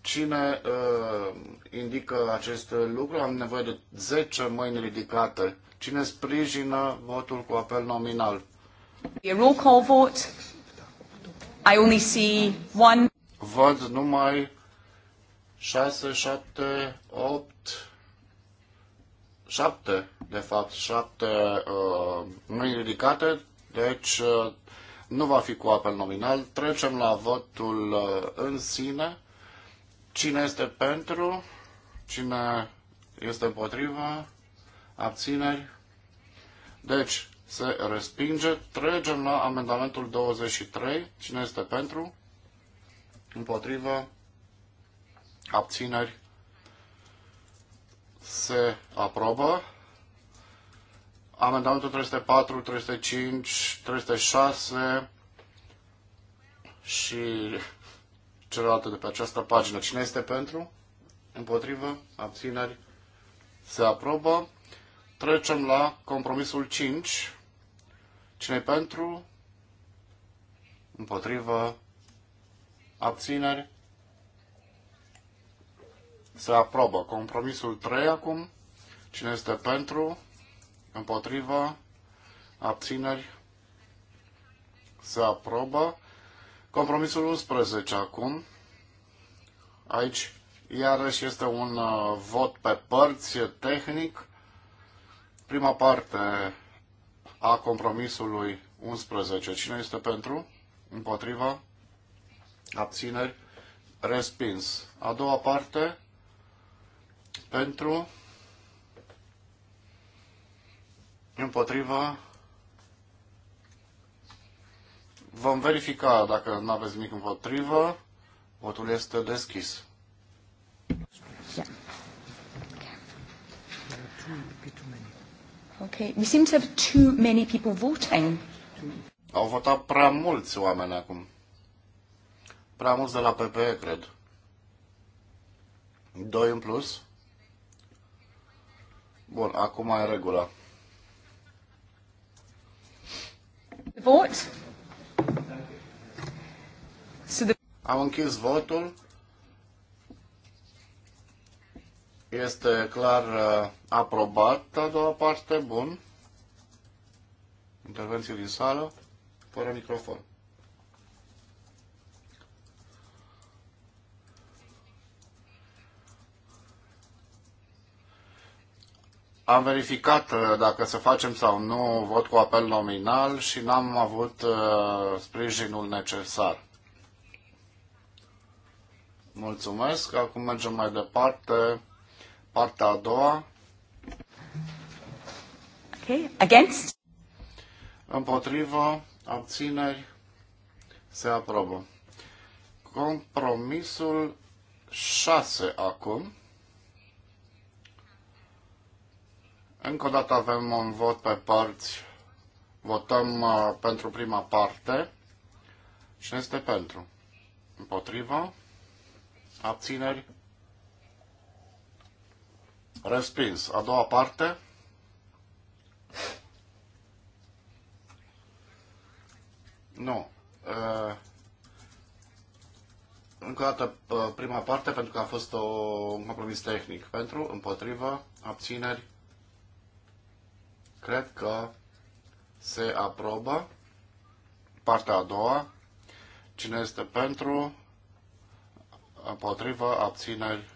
Cine uh, indică acest lucru? Am nevoie de 10 mâini ridicate. Cine sprijină votul cu apel nominal? A roll call vote. I only see one. Văd numai 6, 7, 8, șapte, de fapt, șapte uh, mâini ridicate, deci uh, nu va fi cu apel nominal. Trecem la votul uh, în sine. Cine este pentru? Cine este împotriva? Abțineri? Deci, se respinge. Trecem la amendamentul 23. Cine este pentru? Împotrivă? Abțineri? se aprobă. Amendamentul 304, 305, 306 și celelalte de pe această pagină. Cine este pentru? Împotrivă? Abțineri? Se aprobă. Trecem la compromisul 5. Cine pentru? Împotrivă? Abțineri? Se aprobă. Compromisul 3 acum. Cine este pentru? Împotrivă? Abțineri? Se aprobă. Compromisul 11 acum. Aici iarăși este un uh, vot pe părți tehnic. Prima parte a compromisului 11. Cine este pentru? Împotriva? Abțineri? Respins. A doua parte pentru, împotriva, vom verifica dacă nu aveți nimic împotrivă, votul este deschis. Okay, we seem to have too many people voting. Au votat prea mulți oameni acum. Prea mulți de la PPE, cred. Doi în plus. Bun, acum e regula. Vote. Am închis votul. Este clar uh, aprobat a doua parte. Bun. Intervenție din sală, fără microfon. Am verificat uh, dacă să facem sau nu vot cu apel nominal și n-am avut uh, sprijinul necesar. Mulțumesc. Acum mergem mai departe. Partea a doua. Okay. Against? Împotrivă, abțineri, se aprobă. Compromisul 6 acum. Încă o dată avem un vot pe părți. Votăm uh, pentru prima parte. Și este pentru? Împotriva? Abțineri? Respins. A doua parte? Nu. Uh, încă o dată uh, prima parte, pentru că a fost o, un compromis tehnic. Pentru, împotriva, abțineri, Cred că se aprobă. Partea a doua. Cine este pentru? Împotrivă? Abțineri?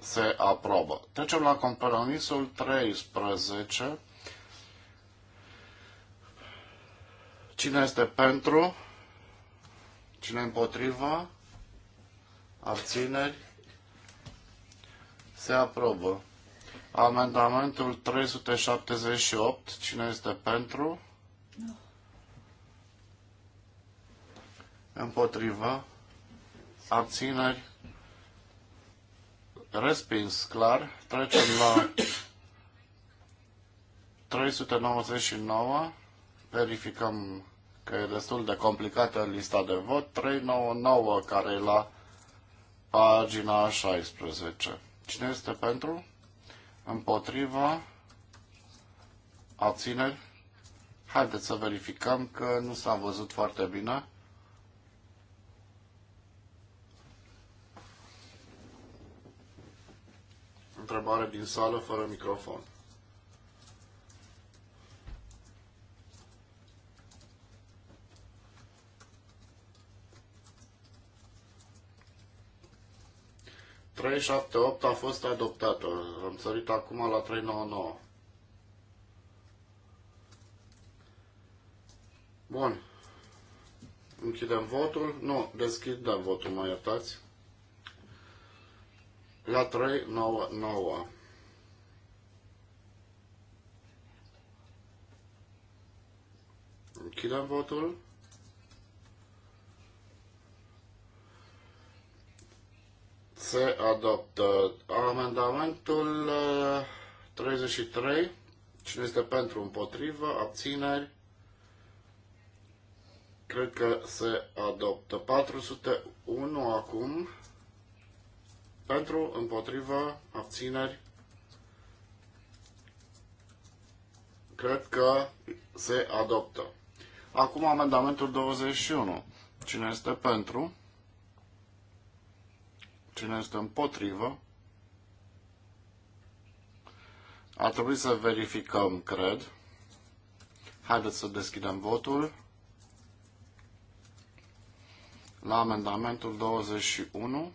Se aprobă. Trecem la compromisul 13. Cine este pentru? Cine împotriva? Abțineri? Se aprobă. Amendamentul 378, cine este pentru? Nu. Împotriva. Abțineri. Respins, clar. Trecem la 399. Verificăm că e destul de complicată lista de vot. 399, care e la pagina 16. Cine este pentru? împotriva, abțineri. Haideți să verificăm că nu s-a văzut foarte bine. Întrebare din sală fără microfon. 378 a fost adoptată. Am sărit acum la 399. Bun. Închidem votul. Nu, deschidem votul, mă iertați. La 399. Închidem votul. se adoptă. Amendamentul 33. Uh, Cine este pentru, împotrivă, abțineri? Cred că se adoptă. 401 acum. Pentru, împotrivă, abțineri? Cred că se adoptă. Acum amendamentul 21. Cine este pentru? Cine este împotrivă? A trebui să verificăm, cred. Haideți să deschidem votul. La amendamentul 21.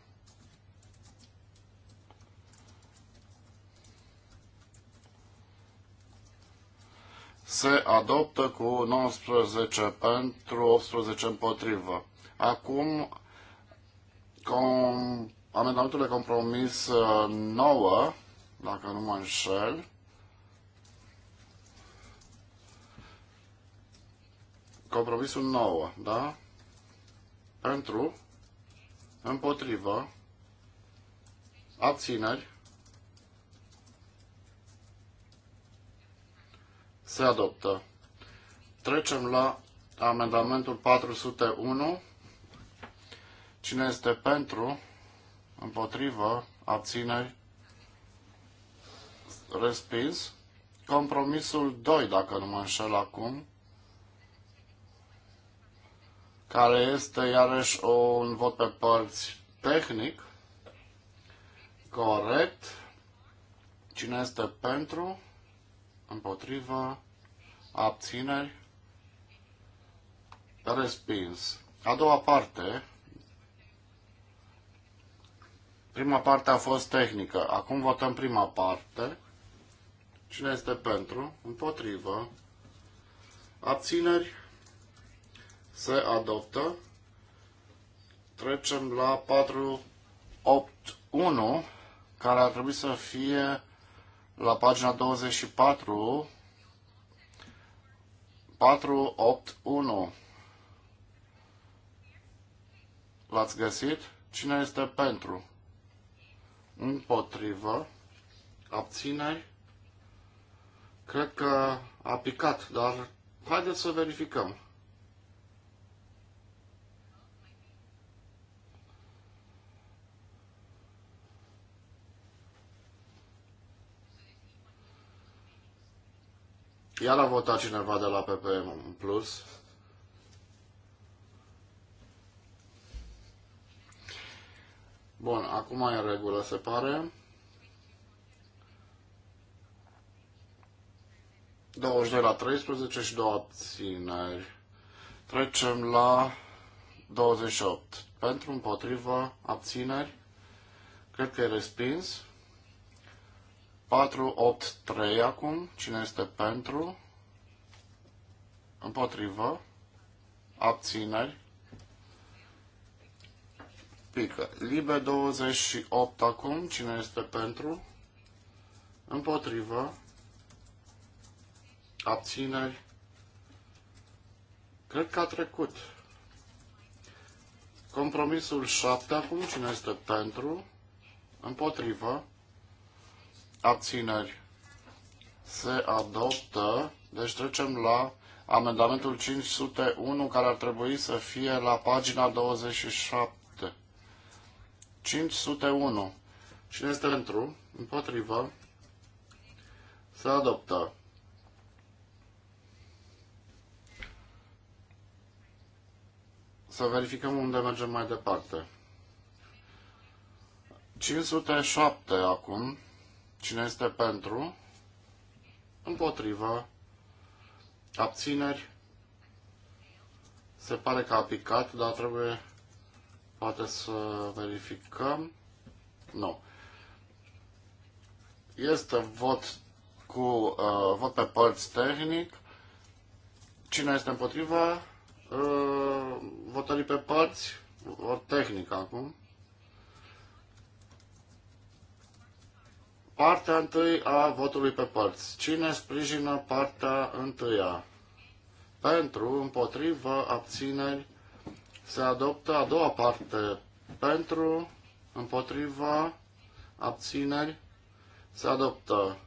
se adoptă cu 19 pentru, 18 împotrivă. Acum, com, Amendamentul de compromis 9, uh, dacă nu mă înșel, compromisul 9, da? Pentru, împotrivă, abțineri, se adoptă. Trecem la amendamentul 401. Cine este pentru? împotrivă, abțineri, respins. Compromisul 2, dacă nu mă înșel acum, care este iarăși un vot pe părți tehnic, corect. Cine este pentru, împotrivă, abțineri, respins. A doua parte, Prima parte a fost tehnică. Acum votăm prima parte. Cine este pentru? Împotrivă. Abțineri? Se adoptă. Trecem la 481, care ar trebui să fie la pagina 24. 481. L-ați găsit? Cine este pentru? împotrivă, abțineri, cred că a picat, dar haideți să verificăm. Iar a votat cineva de la PPM în plus. Bun, acum e în regulă, se pare. 22 la 13 și două țineri. Trecem la 28. Pentru, împotriva, abțineri. Cred că e respins. 4, 8, 3 acum. Cine este pentru? Împotrivă. Abțineri replică. Libe 28 acum, cine este pentru? Împotrivă. Abțineri. Cred că a trecut. Compromisul 7 acum, cine este pentru? Împotrivă. Abțineri. Se adoptă. Deci trecem la amendamentul 501 care ar trebui să fie la pagina 27. 501. Cine este pentru? Împotrivă. Se adoptă. Să verificăm unde mergem mai departe. 507 acum. Cine este pentru? Împotrivă. Abțineri. Se pare că a picat, dar trebuie poate să verificăm. Nu. Este vot cu uh, vot pe părți tehnic. Cine este împotriva uh, votării pe părți? Vot tehnic acum. Partea întâi a votului pe părți. Cine sprijină partea întâia? Pentru, împotrivă, abțineri, se adoptă a doua parte pentru, împotriva, abțineri. Se adoptă.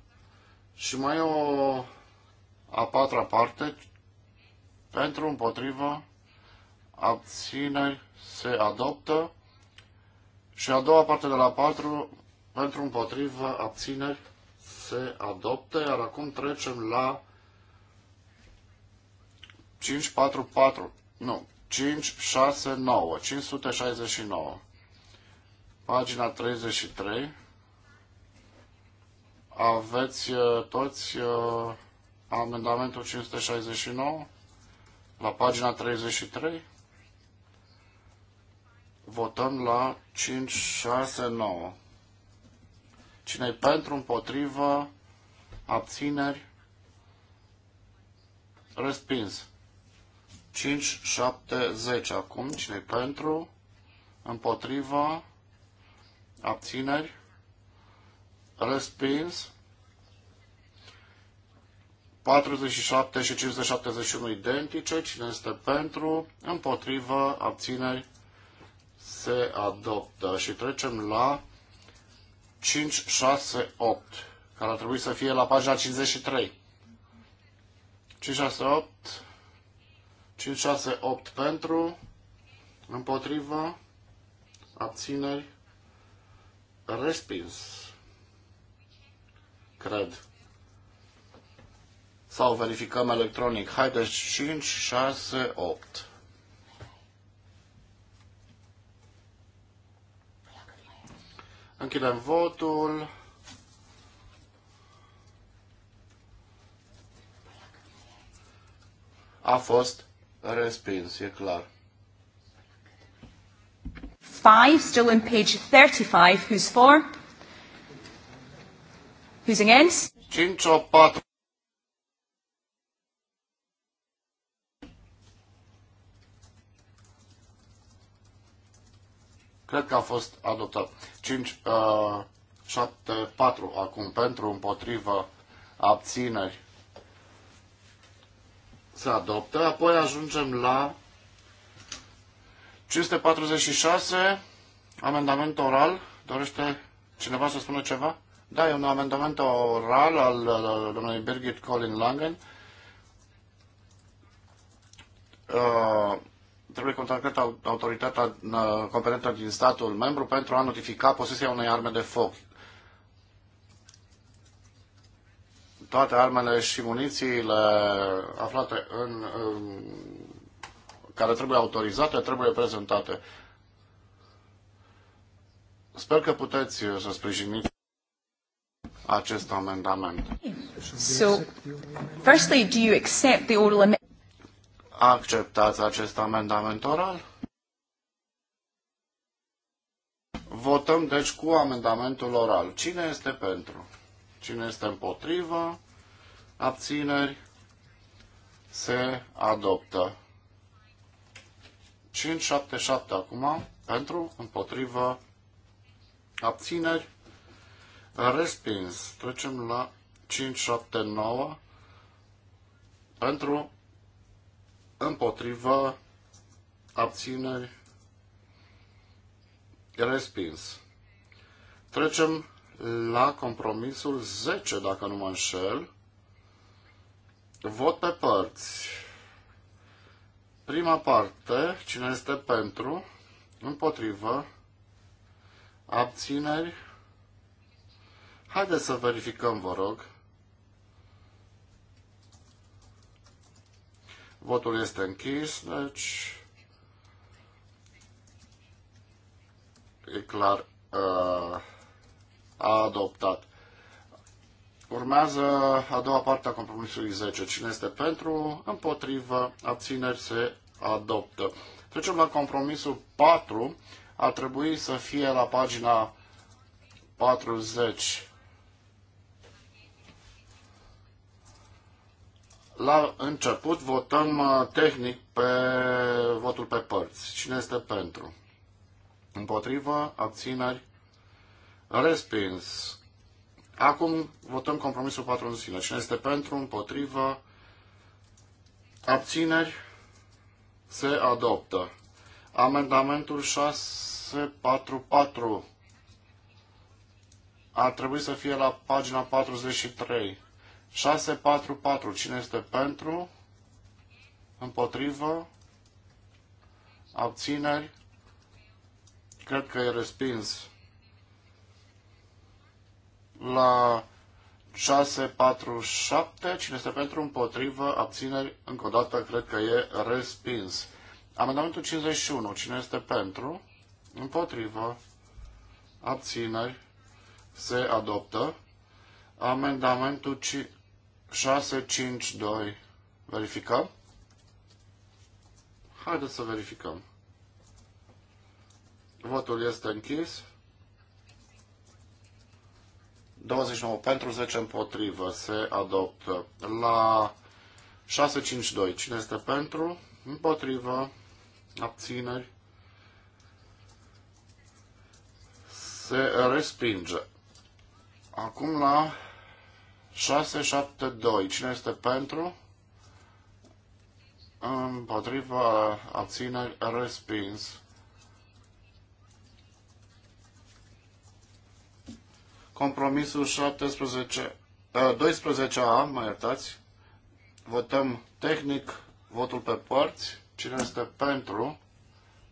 Și mai e o a patra parte pentru, împotriva, abțineri. Se adoptă. Și a doua parte de la patru pentru, împotriva, abțineri se adoptă iar acum trecem la 5-4-4. Nu, 569, 569, pagina 33, aveți uh, toți uh, amendamentul 569 la pagina 33? Votăm la 569. cine e pentru, împotrivă, abțineri, respins. 5, 7, 10. Acum, cine pentru? Împotriva? Abțineri? Respins? 47 și 571 identice. Cine este pentru? împotriva Abțineri? Se adoptă. Și trecem la 5, 6, 8, care ar trebui să fie la pagina 53. 5, 6, 8 5, 6, 8 pentru, împotriva, abțineri, respins, cred. Sau verificăm electronic. Haideți 5, 6, 8. Închidem votul. A fost Respins, e clar. 5, still in page 35, who's for? Who's against? patru. Cred că a fost adoptat. 5, uh, 7, 4 acum pentru, împotrivă, abțineri se adoptă. Apoi ajungem la 546, amendament oral. Dorește cineva să spună ceva? Da, e un amendament oral al uh, domnului Birgit Colin Langen. Uh, trebuie contactat autoritatea uh, competentă din statul membru pentru a notifica posesia unei arme de foc. toate armele și munițiile aflate în, în care trebuie autorizate, trebuie prezentate. Sper că puteți uh, să sprijiniți acest amendament. So, firstly, do you accept the oral amendment? Acceptați acest amendament oral? Votăm deci cu amendamentul oral. Cine este pentru? Cine este împotrivă? Abțineri? Se adoptă. 577 acum. Pentru? Împotrivă? Abțineri? Respins. Trecem la 579 pentru Împotrivă? abțineri respins. Trecem la compromisul 10, dacă nu mă înșel. Vot pe părți. Prima parte, cine este pentru, împotrivă, abțineri. Haideți să verificăm, vă rog. Votul este închis, deci e clar uh, a adoptat. Urmează a doua parte a compromisului 10. Cine este pentru, împotrivă, abțineri se adoptă. Trecem la compromisul 4. Ar trebui să fie la pagina 40. La început votăm uh, tehnic pe votul pe părți. Cine este pentru? Împotrivă, abțineri, Respins. Acum votăm compromisul 4 în sine. Cine este pentru, împotrivă, abțineri, se adoptă. Amendamentul 644 ar trebui să fie la pagina 43. 644. Cine este pentru? Împotrivă? Abțineri? Cred că e respins la 647. Cine este pentru, împotrivă, abțineri, încă o dată cred că e respins. Amendamentul 51. Cine este pentru, împotrivă, abțineri, se adoptă. Amendamentul 652. Verificăm? Haideți să verificăm. Votul este închis. 29 pentru, 10 împotrivă. Se adoptă. La 652. Cine este pentru? Împotrivă. Abțineri. Se respinge. Acum la 672. Cine este pentru? Împotrivă. Abțineri. Respins. Compromisul 17, 12A, mă iertați, votăm tehnic votul pe părți. Cine este pentru?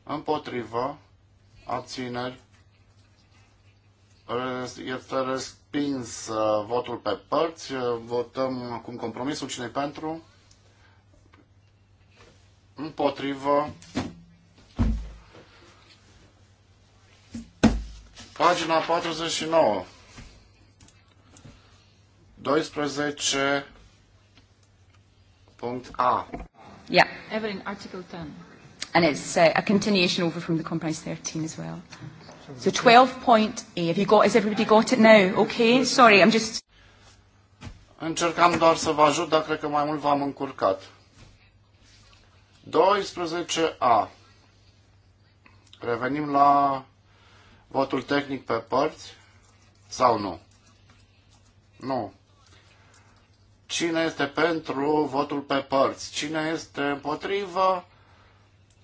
Împotriva? Abțineri? Este respins votul pe părți. Votăm acum compromisul. cine pentru? Împotrivă. Pagina 49. 12. Punct A. Yeah. Evelyn, Article 10. And it's uh, a continuation over from the compromise 13 as well. So 12.A. Have you got, has everybody got it now? Okay, sorry, I'm just... Încercam doar să vă ajut, dar cred că mai mult v-am încurcat. 12A. Revenim la votul tehnic pe părți sau nu? Nu. Cine este pentru votul pe părți? Cine este împotrivă?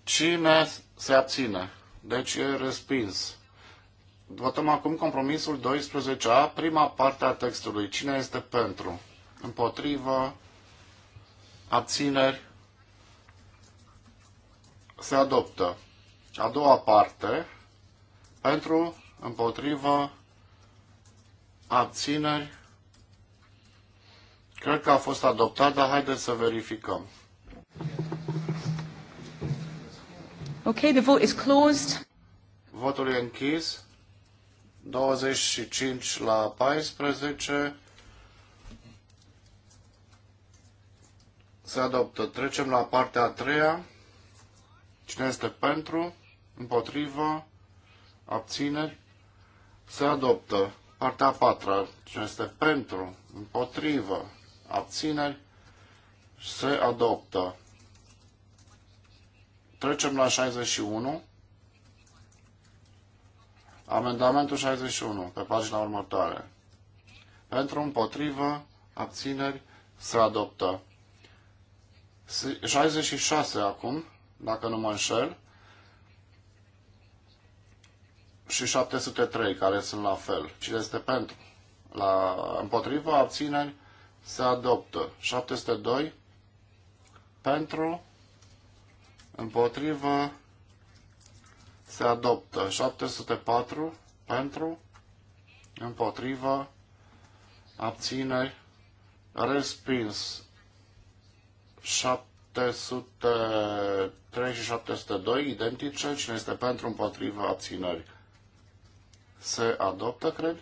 Cine se abține? Deci e respins. Votăm acum compromisul 12A, prima parte a textului. Cine este pentru? Împotrivă? Abțineri? Se adoptă. A doua parte, pentru, împotrivă, abțineri, Cred că a fost adoptat, dar haideți să verificăm. Okay, the vote is closed. Votul e închis. 25 la 14. Se adoptă. Trecem la partea a treia. Cine este pentru? Împotrivă? Abțineri? Se adoptă. Partea a patra. Cine este pentru? Împotrivă? abțineri, se adoptă. Trecem la 61. Amendamentul 61, pe pagina următoare. Pentru împotrivă, abțineri, se adoptă. 66 acum, dacă nu mă înșel, și 703, care sunt la fel. Cine este pentru? La împotrivă, abțineri, se adoptă. 702 pentru, împotrivă, se adoptă. 704 pentru, împotrivă, abțineri, respins. 703 și 702 identice, cine este pentru, împotrivă, abțineri. Se adoptă, cred.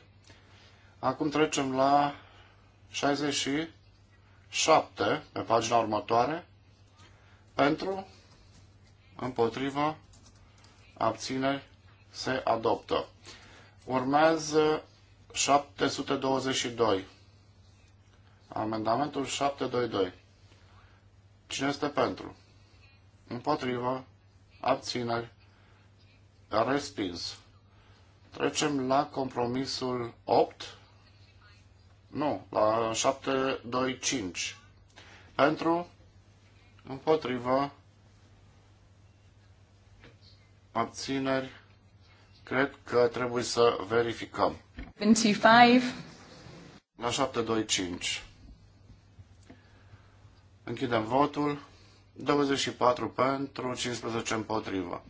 Acum trecem la 67 pe pagina următoare pentru, împotriva, abțineri, se adoptă. Urmează 722. Amendamentul 722. Cine este pentru? Împotrivă. Abțineri. Respins. Trecem la compromisul 8 nu, la 725. Pentru, împotrivă, abțineri, cred că trebuie să verificăm. 25. La 725. Închidem votul. 24 pentru, 15 împotrivă.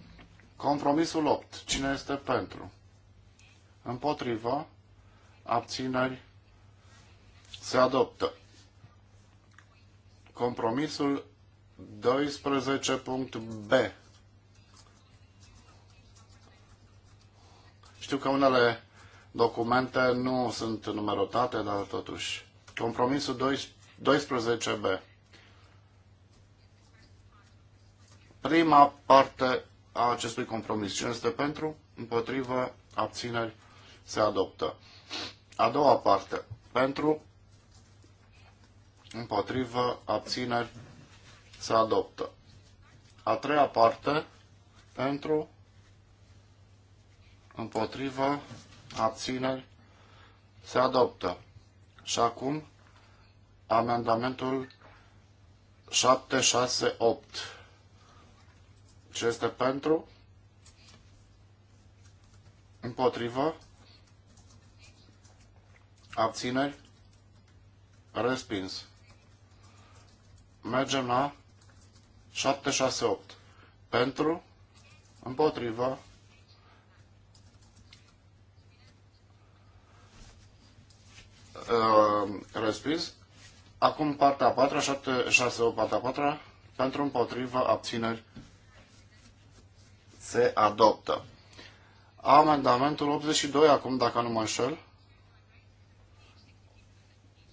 Compromisul 8. Cine este pentru? Împotrivă. Abțineri. Se adoptă. Compromisul 12.b. Știu că unele documente nu sunt numerotate, dar totuși. Compromisul 12b. Prima parte a acestui compromis. Cine este pentru? Împotrivă? Abțineri? Se adoptă. A doua parte. Pentru? împotrivă, abțineri, se adoptă. A treia parte, pentru, împotrivă, abțineri, se adoptă. Și acum, amendamentul 768. Ce este pentru? Împotrivă? Abțineri? Respins. Mergem la 768. Pentru, împotriva, uh, ehm, respins. Acum partea a patra, 768, partea a patra, pentru împotriva abțineri se adoptă. Amendamentul 82, acum dacă nu mă înșel,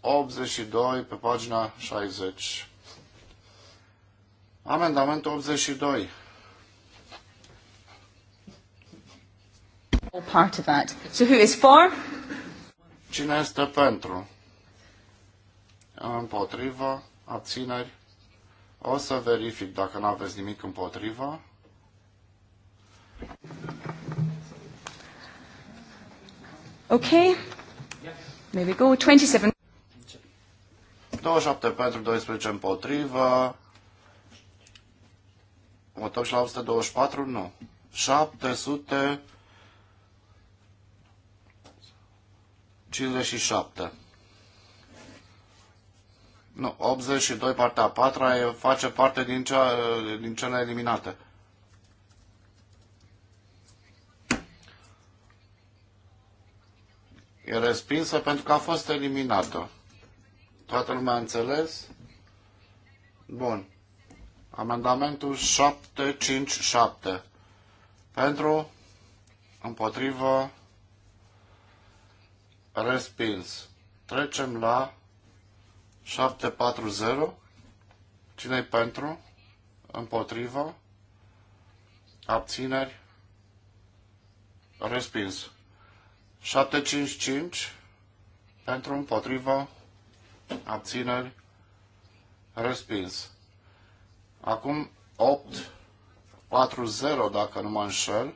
82 pe pagina 60. Amendamentul 82. All part of that. So who is for? Cine este pentru? Împotrivă? Abțineri? O să verific dacă nu aveți nimic împotrivă. Ok. Maybe we go. 27. 27 pentru, 12 împotrivă tot și la 124? Nu. 700... 57. Nu, 82, partea a patra, face parte din, cea, din cele eliminate. E respinsă pentru că a fost eliminată. Toată lumea a înțeles? Bun. Amendamentul 757. Pentru, împotrivă, respins. Trecem la 740. Cine-i pentru? Împotrivă? Abțineri? Respins. 755 pentru împotrivă, abțineri, respins. Acum 0, dacă nu mă înșel.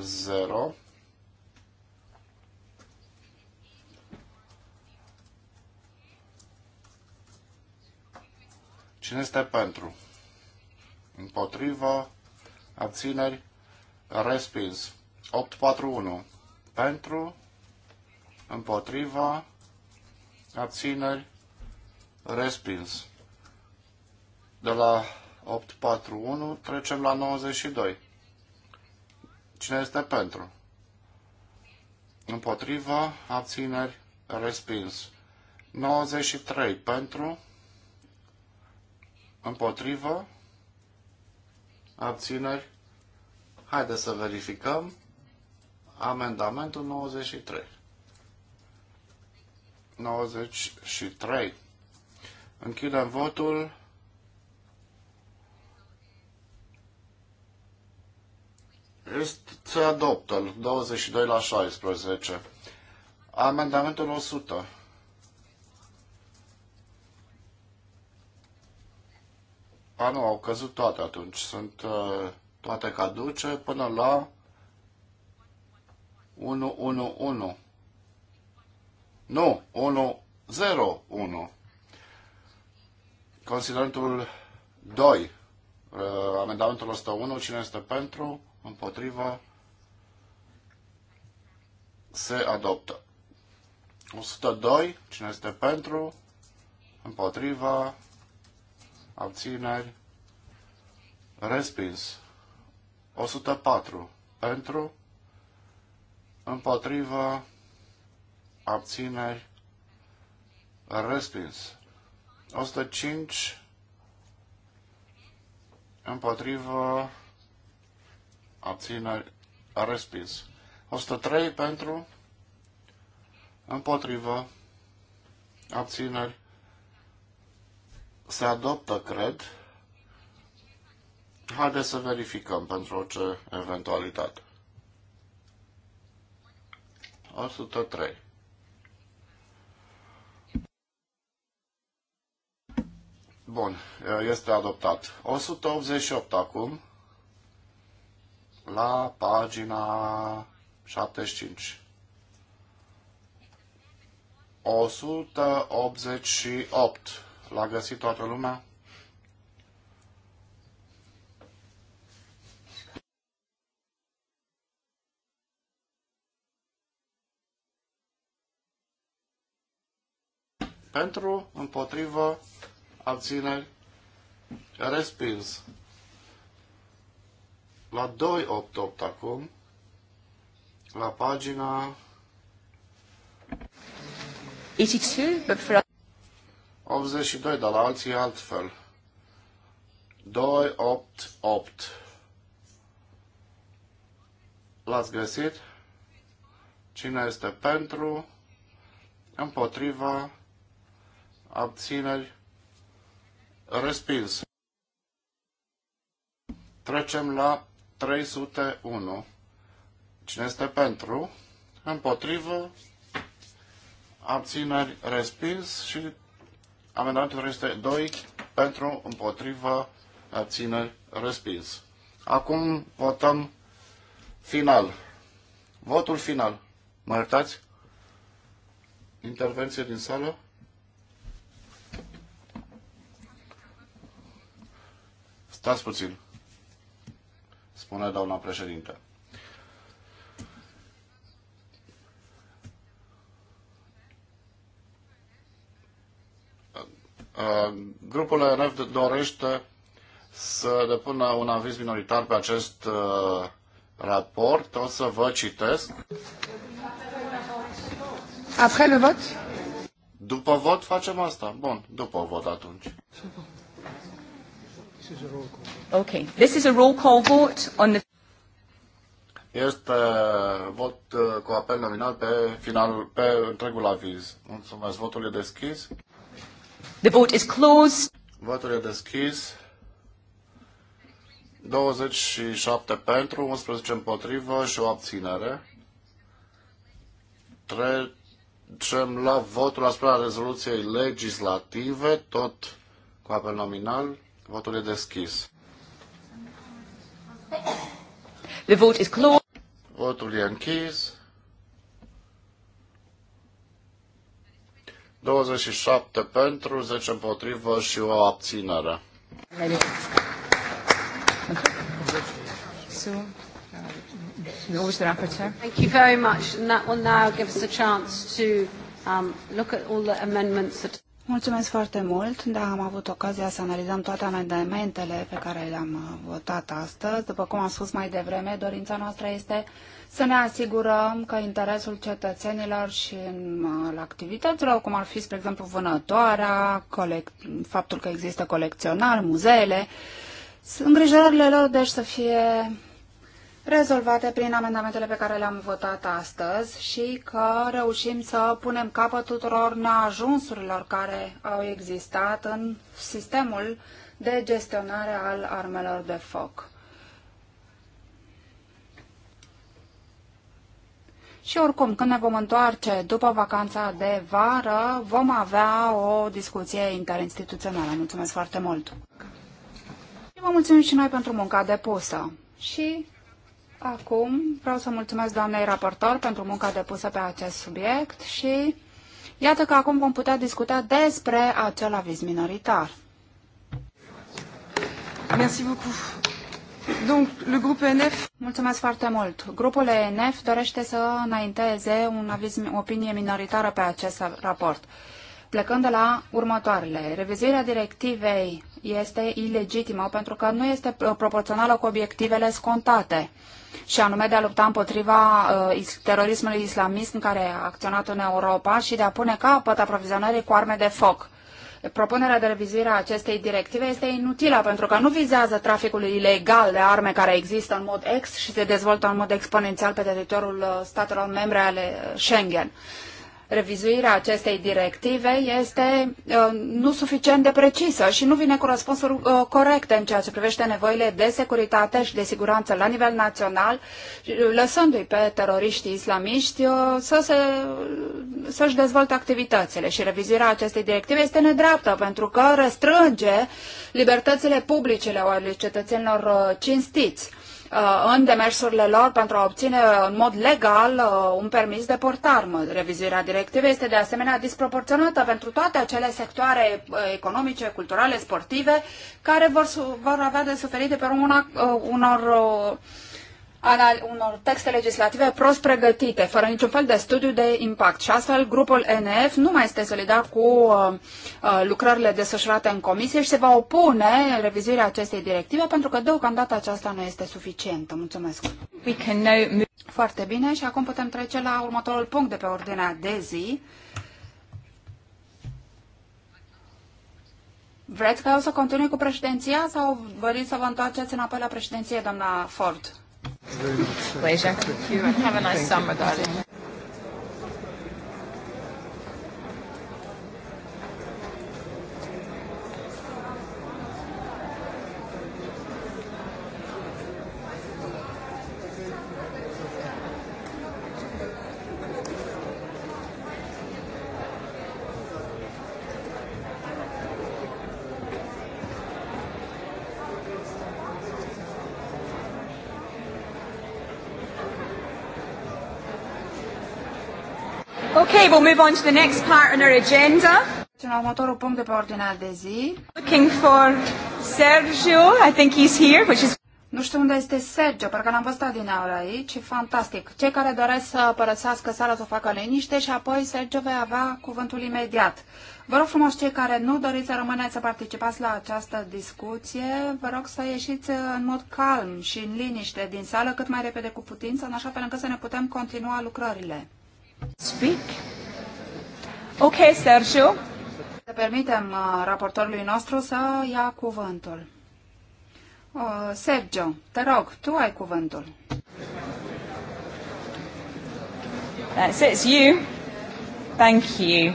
0. Cine este pentru? Împotrivă, abțineri, respins. 1. Pentru, împotriva, abțineri, Respins. De la 841 trecem la 92. Cine este pentru? Împotriva, abțineri, respins. 93 pentru, împotrivă, abțineri. Haideți să verificăm amendamentul 93. 93. Închidem votul. Este, se adoptă 22 la 16. Amendamentul 100. A, nu, au căzut toate atunci. Sunt uh, toate caduce până la 1-1-1. Nu, 1-0-1. Considerentul 2, uh, amendamentul 101, cine este pentru, împotrivă, se adoptă. 102, cine este pentru, Împotrivă? abțineri, respins. 104, pentru, Împotrivă? abțineri, respins. 105 împotrivă abțineri a respins. 103 pentru împotrivă abțineri se adoptă, cred. Haideți să verificăm pentru orice eventualitate. 103. Bun, este adoptat. 188 acum, la pagina 75. 188. L-a găsit toată lumea? Pentru, împotrivă, abțineri, respins. La 288 acum, la pagina Is it true, but for... 82, dar la alții altfel. 288. L-ați găsit? Cine este pentru? Împotriva? Abțineri? Respins. Trecem la 301. Cine este pentru? Împotrivă. Abțineri respins și amendamentul 302 pentru, împotrivă, abțineri respins. Acum votăm final. Votul final. Mă iertați? Intervenție din sală? Stați puțin, spune doamna președinte. Grupul ENF dorește să depună un aviz minoritar pe acest raport. O să vă citesc. Après le vot? După vot facem asta. Bun, după vot atunci. Okay. This is a roll call vote on the... Este vot uh, cu apel nominal pe, final, pe întregul aviz. Mulțumesc. Votul e deschis. The vote is closed. Votul e deschis. 27 pentru, 11 împotrivă și o abținere. Trecem la votul asupra rezoluției legislative, tot cu apel nominal. Votul e deschis. The vote is closed. Votul e închis. 27 pentru, 10 împotrivă și o abținere. So, always uh, the rapporteur. Thank you very much. And that will now give us a chance to um, look at all the amendments that Mulțumesc foarte mult, da, am avut ocazia să analizăm toate amendamentele pe care le-am uh, votat astăzi. După cum am spus mai devreme, dorința noastră este să ne asigurăm că interesul cetățenilor și în uh, activităților, cum ar fi, spre exemplu, vânătoarea, faptul că există colecționari, muzeele, îngrijorările lor, deci, să fie rezolvate prin amendamentele pe care le-am votat astăzi și că reușim să punem capăt tuturor neajunsurilor care au existat în sistemul de gestionare al armelor de foc. Și oricum, când ne vom întoarce după vacanța de vară, vom avea o discuție interinstituțională. Mulțumesc foarte mult! Vă mulțumim și noi pentru munca depusă și Acum vreau să mulțumesc doamnei raportor pentru munca depusă pe acest subiect și iată că acum vom putea discuta despre acel aviz minoritar. Merci beaucoup. Donc, le groupe ENF... Mulțumesc foarte mult. Grupul ENF dorește să înainteze un aviz, o opinie minoritară pe acest raport plecând de la următoarele. Revizuirea directivei este ilegitimă pentru că nu este proporțională cu obiectivele scontate și anume de a lupta împotriva uh, terorismului islamist în care a acționat în Europa și de a pune capăt aprovizionării cu arme de foc. Propunerea de revizuire a acestei directive este inutilă pentru că nu vizează traficul ilegal de arme care există în mod ex și se dezvoltă în mod exponențial pe teritoriul uh, statelor membre ale uh, Schengen revizuirea acestei directive este uh, nu suficient de precisă și nu vine cu răspunsuri uh, corecte în ceea ce privește nevoile de securitate și de siguranță la nivel național, lăsându-i pe teroriștii islamiști uh, să se, să-și dezvolte activitățile. Și revizuirea acestei directive este nedreaptă pentru că restrânge libertățile publice ale cetățenilor cinstiți Uh, în demersurile lor pentru a obține în mod legal uh, un permis de portarmă. Revizuirea directivei este de asemenea disproporționată pentru toate acele sectoare uh, economice, culturale, sportive, care vor, vor avea de suferit de pe urmă unor unor texte legislative prost pregătite, fără niciun fel de studiu de impact. Și astfel, grupul NF nu mai este solidar cu uh, uh, lucrările desfășurate în comisie și se va opune revizuirea acestei directive, pentru că deocamdată aceasta nu este suficientă. Mulțumesc! We can now move... Foarte bine și acum putem trece la următorul punct de pe ordinea de zi. Vreți ca eu să continui cu președinția sau vă să vă întoarceți înapoi la președinție, doamna Ford? Pleasure. Thank you have a nice Thank summer, darling. Okay, we'll move on to the next part on our agenda. următorul punct de pe ordinea de zi. Looking for Sergio, I think he's here, which is... Nu știu unde este Sergio, pentru că l-am văzut din aur aici, fantastic. Cei care doresc să părăsească sala să facă liniște și apoi Sergio va avea cuvântul imediat. Vă rog frumos, cei care nu doriți să rămâneți să participați la această discuție, vă rog să ieșiți în mod calm și în liniște din sală cât mai repede cu putință, în așa fel încât să ne putem continua lucrările. Speak. Ok, Sergio. Să permitem uh, raportorului nostru să ia cuvântul. Uh, Sergio, te rog, tu ai cuvântul. That's it, it's you. Thank you.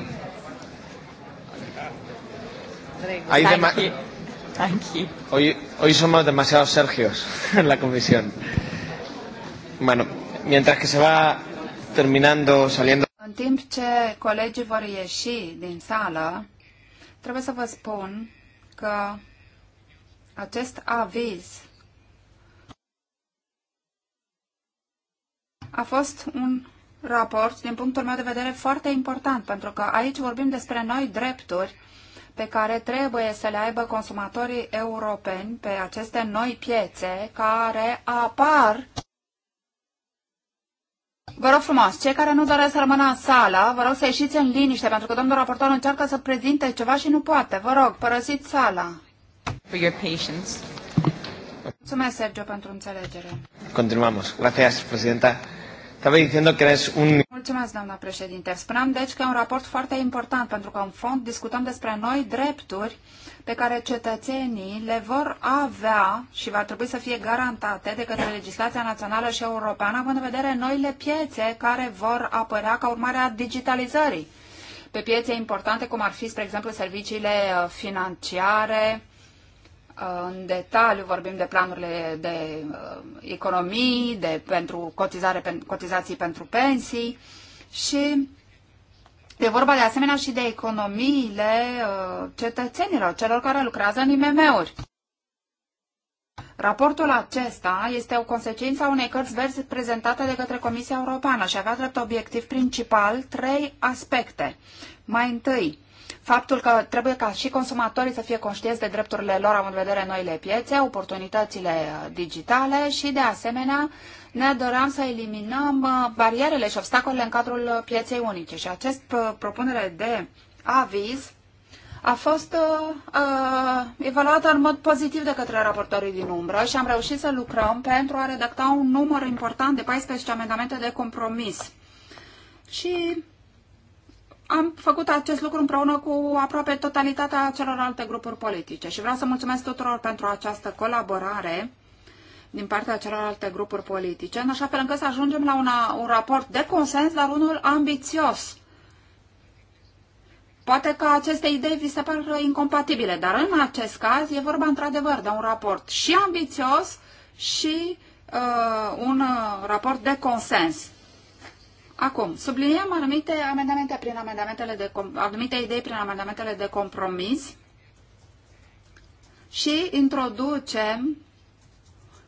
Thank you. Thank you. Hoy, hoy somos demasiados Sergios en la comisión. Bueno, mientras que se va terminando, saliendo. În timp ce colegii vor ieși din sală, trebuie să vă spun că acest aviz a fost un raport, din punctul meu de vedere, foarte important, pentru că aici vorbim despre noi drepturi pe care trebuie să le aibă consumatorii europeni pe aceste noi piețe care apar Vă rog frumos, cei care nu doresc să rămână în sală, vă rog să ieșiți în liniște, pentru că domnul raportor încearcă să prezinte ceva și nu poate. Vă rog, părăsiți sala. For your patience. Mulțumesc, Sergio, pentru înțelegere. Continuăm. Gracias, presidenta. Estaba diciendo que eres un... Mulțumesc, doamna președinte. Spuneam deci că e un raport foarte important, pentru că în fond discutăm despre noi drepturi pe care cetățenii le vor avea și va trebui să fie garantate de către legislația națională și europeană, având în vedere noile piețe care vor apărea ca urmare a digitalizării. Pe piețe importante, cum ar fi, spre exemplu, serviciile uh, financiare, în detaliu, vorbim de planurile de uh, economii, de pentru cotizare, cotizații pentru pensii și E vorba de asemenea și de economiile uh, cetățenilor, celor care lucrează în IMM-uri. Raportul acesta este o consecință a unei cărți verzi prezentate de către Comisia Europeană și avea drept obiectiv principal trei aspecte. Mai întâi, faptul că trebuie ca și consumatorii să fie conștienți de drepturile lor având în vedere noile piețe, oportunitățile uh, digitale și, de asemenea, ne doream să eliminăm uh, barierele și obstacolele în cadrul pieței unice. Și acest uh, propunere de aviz a fost uh, evaluată în mod pozitiv de către raportorii din umbră și am reușit să lucrăm pentru a redacta un număr important de 14 amendamente de compromis. Și am făcut acest lucru împreună cu aproape totalitatea celorlalte grupuri politice și vreau să mulțumesc tuturor pentru această colaborare din partea celorlalte grupuri politice, în așa fel încât să ajungem la una, un raport de consens, dar unul ambițios. Poate că aceste idei vi se par incompatibile, dar în acest caz e vorba într-adevăr de un raport și ambițios și uh, un uh, raport de consens. Acum, subliniem anumite amendamente prin amendamentele de anumite idei prin amendamentele de compromis și introducem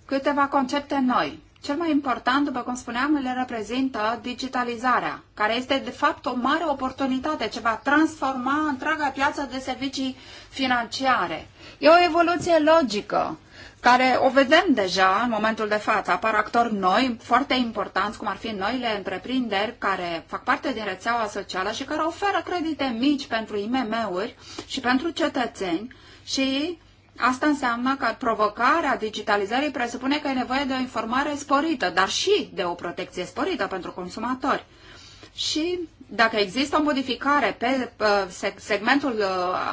câteva concepte noi. Cel mai important, după cum spuneam, le reprezintă digitalizarea, care este de fapt o mare oportunitate ce va transforma întreaga piață de servicii financiare. E o evoluție logică care o vedem deja în momentul de față. Apar actori noi, foarte importanți, cum ar fi noile întreprinderi care fac parte din rețeaua socială și care oferă credite mici pentru IMM-uri și pentru cetățeni și Asta înseamnă că provocarea digitalizării presupune că e nevoie de o informare sporită, dar și de o protecție sporită pentru consumatori. Și dacă există o modificare pe uh, segmentul uh,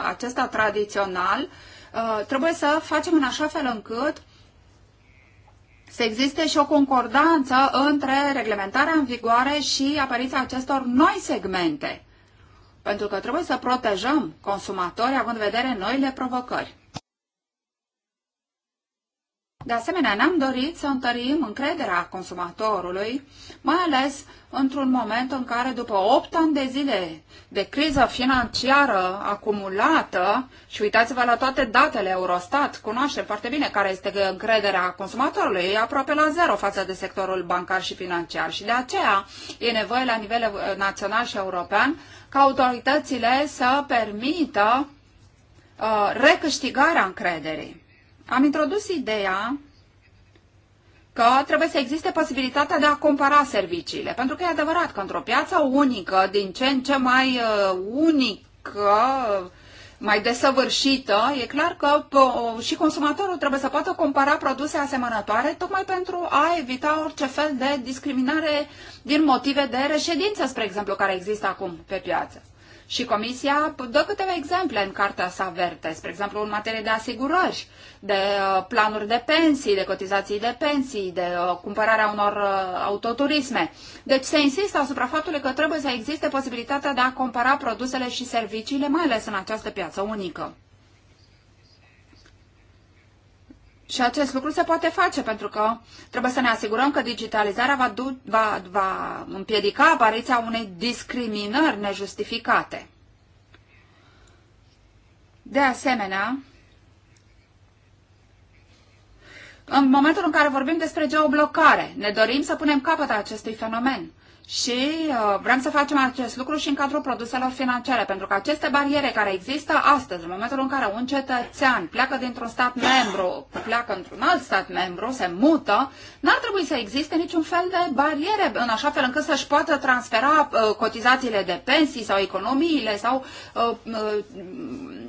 acesta tradițional, Uh, trebuie să facem în așa fel încât să existe și o concordanță între reglementarea în vigoare și apariția acestor noi segmente. Pentru că trebuie să protejăm consumatorii având în vedere noile provocări. De asemenea, ne-am dorit să întărim încrederea consumatorului, mai ales într-un moment în care, după 8 ani de zile de criză financiară acumulată, și uitați-vă la toate datele Eurostat, cunoaștem foarte bine care este încrederea consumatorului, e aproape la zero față de sectorul bancar și financiar. Și de aceea e nevoie la nivel național și european ca autoritățile să permită uh, recâștigarea încrederii am introdus ideea că trebuie să existe posibilitatea de a compara serviciile. Pentru că e adevărat că într-o piață unică, din ce în ce mai uh, unică, mai desăvârșită, e clar că uh, și consumatorul trebuie să poată compara produse asemănătoare tocmai pentru a evita orice fel de discriminare din motive de reședință, spre exemplu, care există acum pe piață. Și Comisia dă câteva exemple în cartea sa verde, spre exemplu în materie de asigurări, de uh, planuri de pensii, de cotizații de pensii, de uh, cumpărarea unor uh, autoturisme. Deci se insistă asupra faptului că trebuie să existe posibilitatea de a compara produsele și serviciile, mai ales în această piață unică. Și acest lucru se poate face pentru că trebuie să ne asigurăm că digitalizarea va, du- va, va împiedica apariția unei discriminări nejustificate. De asemenea, în momentul în care vorbim despre geoblocare, ne dorim să punem capăt acestui fenomen și uh, vrem să facem acest lucru și în cadrul produselor financiare, pentru că aceste bariere care există astăzi, în momentul în care un cetățean pleacă dintr-un stat membru, pleacă într-un alt stat membru, se mută, n-ar trebui să existe niciun fel de bariere, în așa fel încât să-și poată transfera uh, cotizațiile de pensii sau economiile sau uh,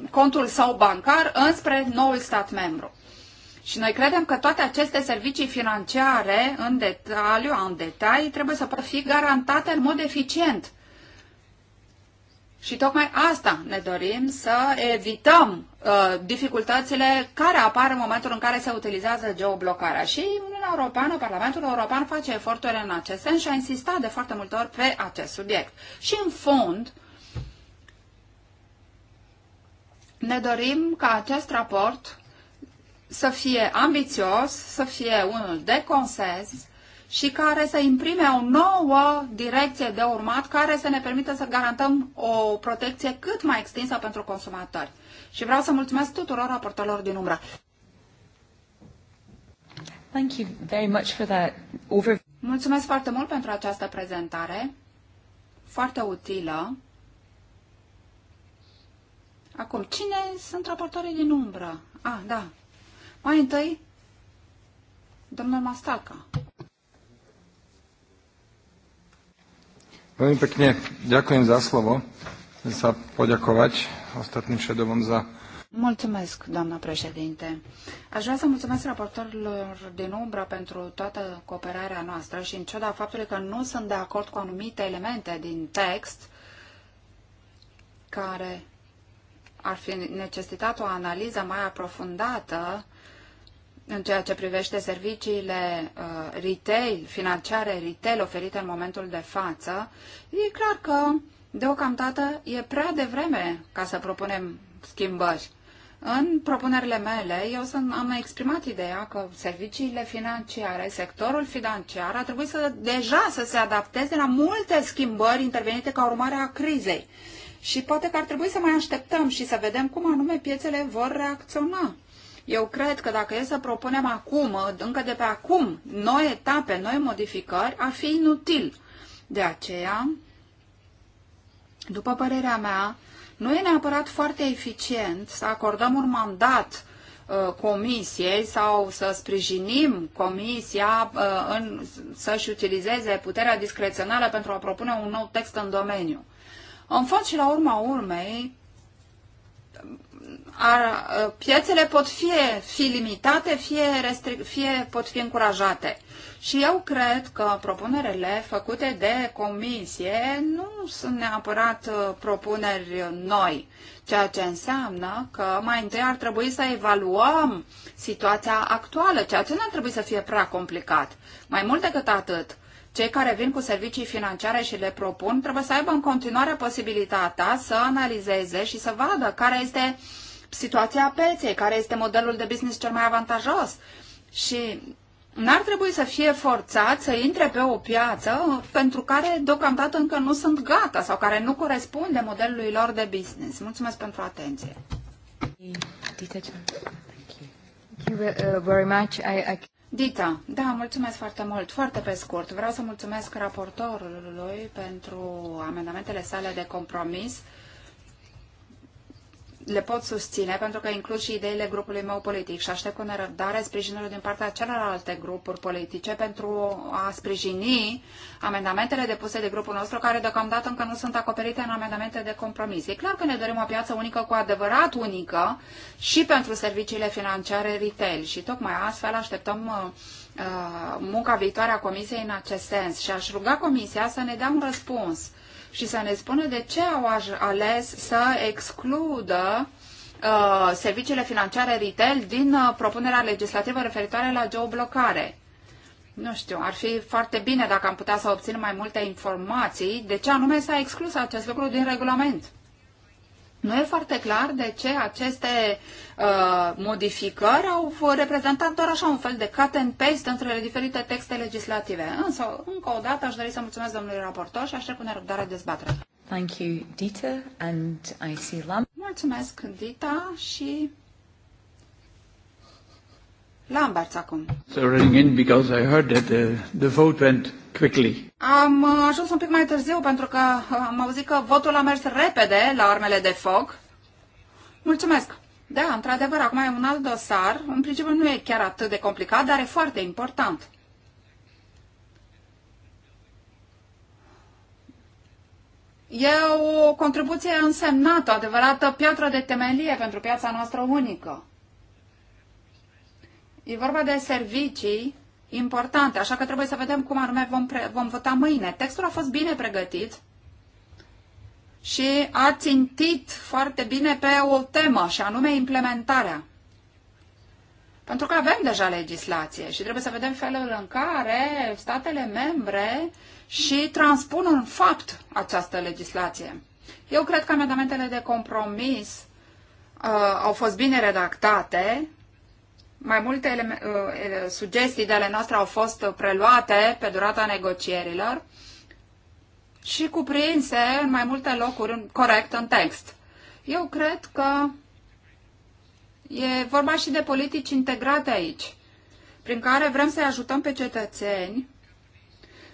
contul sau bancar înspre noul stat membru. Și noi credem că toate aceste servicii financiare în detaliu, în detalii, trebuie să pot fi garantate în mod eficient. Și tocmai asta ne dorim, să evităm uh, dificultățile care apar în momentul în care se utilizează geoblocarea. Și Uniunea Europeană, Parlamentul European face eforturi în acest sens și a insistat de foarte multe ori pe acest subiect. Și în fond, ne dorim ca acest raport să fie ambițios, să fie unul de consens și care să imprime o nouă direcție de urmat care să ne permită să garantăm o protecție cât mai extinsă pentru consumatori. Și vreau să mulțumesc tuturor raportorilor din umbra. Thank you very much for that over... Mulțumesc foarte mult pentru această prezentare, foarte utilă. Acum, cine sunt raportorii din umbră? Ah, da, mai întâi, domnul Mastalca. Veľmi pekne ďakujem za slovo. Chcem sa poďakovať ostatným šedovom za Mulțumesc, doamna președinte. Aș vrea să mulțumesc raportorilor din umbra pentru toată cooperarea noastră și în ciuda faptului că nu sunt de acord cu anumite elemente din text care ar fi necesitat o analiză mai aprofundată în ceea ce privește serviciile uh, retail, financiare retail oferite în momentul de față, e clar că deocamdată e prea devreme ca să propunem schimbări. În propunerile mele, eu sunt, am exprimat ideea că serviciile financiare, sectorul financiar, a trebuit să, deja să se adapteze la multe schimbări intervenite ca urmare a crizei. Și poate că ar trebui să mai așteptăm și să vedem cum anume piețele vor reacționa. Eu cred că dacă e să propunem acum, încă de pe acum, noi etape, noi modificări, ar fi inutil. De aceea, după părerea mea, nu e neapărat foarte eficient să acordăm un mandat uh, comisiei sau să sprijinim comisia uh, în, să-și utilizeze puterea discrețională pentru a propune un nou text în domeniu. În fapt și la urma urmei, ar, piețele pot fie fi limitate, fie, restric, fie pot fi încurajate. Și eu cred că propunerele făcute de comisie nu sunt neapărat uh, propuneri noi, ceea ce înseamnă că mai întâi ar trebui să evaluăm situația actuală, ceea ce nu ar trebui să fie prea complicat. Mai mult decât atât, cei care vin cu servicii financiare și le propun trebuie să aibă în continuare posibilitatea să analizeze și să vadă care este situația pieței, care este modelul de business cel mai avantajos. Și n-ar trebui să fie forțat să intre pe o piață pentru care deocamdată încă nu sunt gata sau care nu corespunde modelului lor de business. Mulțumesc pentru atenție. Thank you uh, very much. I, I... Dita, da, mulțumesc foarte mult. Foarte pe scurt, vreau să mulțumesc raportorului pentru amendamentele sale de compromis le pot susține pentru că includ și ideile grupului meu politic și aștept cu nerăbdare sprijinul din partea celorlalte grupuri politice pentru a sprijini amendamentele depuse de grupul nostru, care deocamdată încă nu sunt acoperite în amendamente de compromis. E clar că ne dorim o piață unică cu adevărat unică și pentru serviciile financiare retail și tocmai astfel așteptăm uh, uh, munca viitoare a Comisiei în acest sens și aș ruga Comisia să ne dea un răspuns și să ne spună de ce au ales să excludă uh, serviciile financiare retail din uh, propunerea legislativă referitoare la geoblocare. Nu știu, ar fi foarte bine dacă am putea să obținem mai multe informații de ce anume s-a exclus acest lucru din regulament. Nu e foarte clar de ce aceste uh, modificări au reprezentat doar așa un fel de cut and paste între diferite texte legislative. Însă, încă o dată, aș dori să mulțumesc domnului raportor și aștept cu nerăbdare dezbaterea. Thank you, Dita, and I see Lam. Mulțumesc, Dita, și Lambert acum. So running in because I heard that the, the vote went quickly. Am uh, ajuns un pic mai târziu pentru că uh, am auzit că votul a mers repede la armele de foc. Mulțumesc! Da, într-adevăr, acum e un alt dosar. În principiu nu e chiar atât de complicat, dar e foarte important. E o contribuție însemnată, adevărată piatră de temelie pentru piața noastră unică. E vorba de servicii importante, așa că trebuie să vedem cum anume vom, pre- vom vota mâine. Textul a fost bine pregătit și a țintit foarte bine pe o temă, și anume implementarea. Pentru că avem deja legislație și trebuie să vedem felul în care statele membre și transpun în fapt această legislație. Eu cred că amendamentele de compromis uh, au fost bine redactate mai multe uh, sugestii de ale noastre au fost preluate pe durata negocierilor și cuprinse în mai multe locuri corect în text. Eu cred că e vorba și de politici integrate aici, prin care vrem să-i ajutăm pe cetățeni,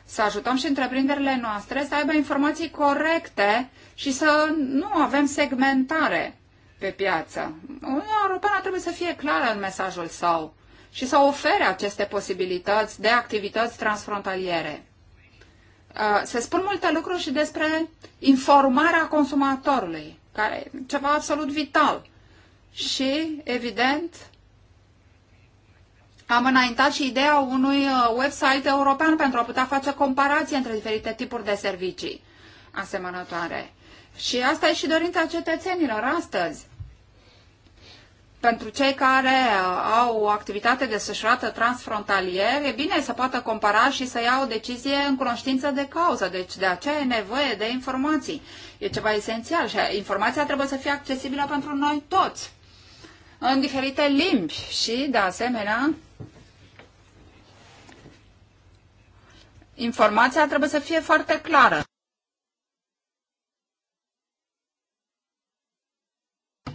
să ajutăm și întreprinderile noastre să aibă informații corecte și să nu avem segmentare pe piață. Uniunea Europeană trebuie să fie clară în mesajul său și să ofere aceste posibilități de activități transfrontaliere. Uh, se spun multe lucruri și despre informarea consumatorului, care e ceva absolut vital. Și, evident, am înaintat și ideea unui uh, website european pentru a putea face comparații între diferite tipuri de servicii asemănătoare. Și asta e și dorința cetățenilor astăzi. Pentru cei care uh, au o activitate desfășurată transfrontalier, e bine să poată compara și să ia o decizie în cunoștință de cauză. Deci de aceea e nevoie de informații. E ceva esențial și informația trebuie să fie accesibilă pentru noi toți, în diferite limbi și, de asemenea, informația trebuie să fie foarte clară.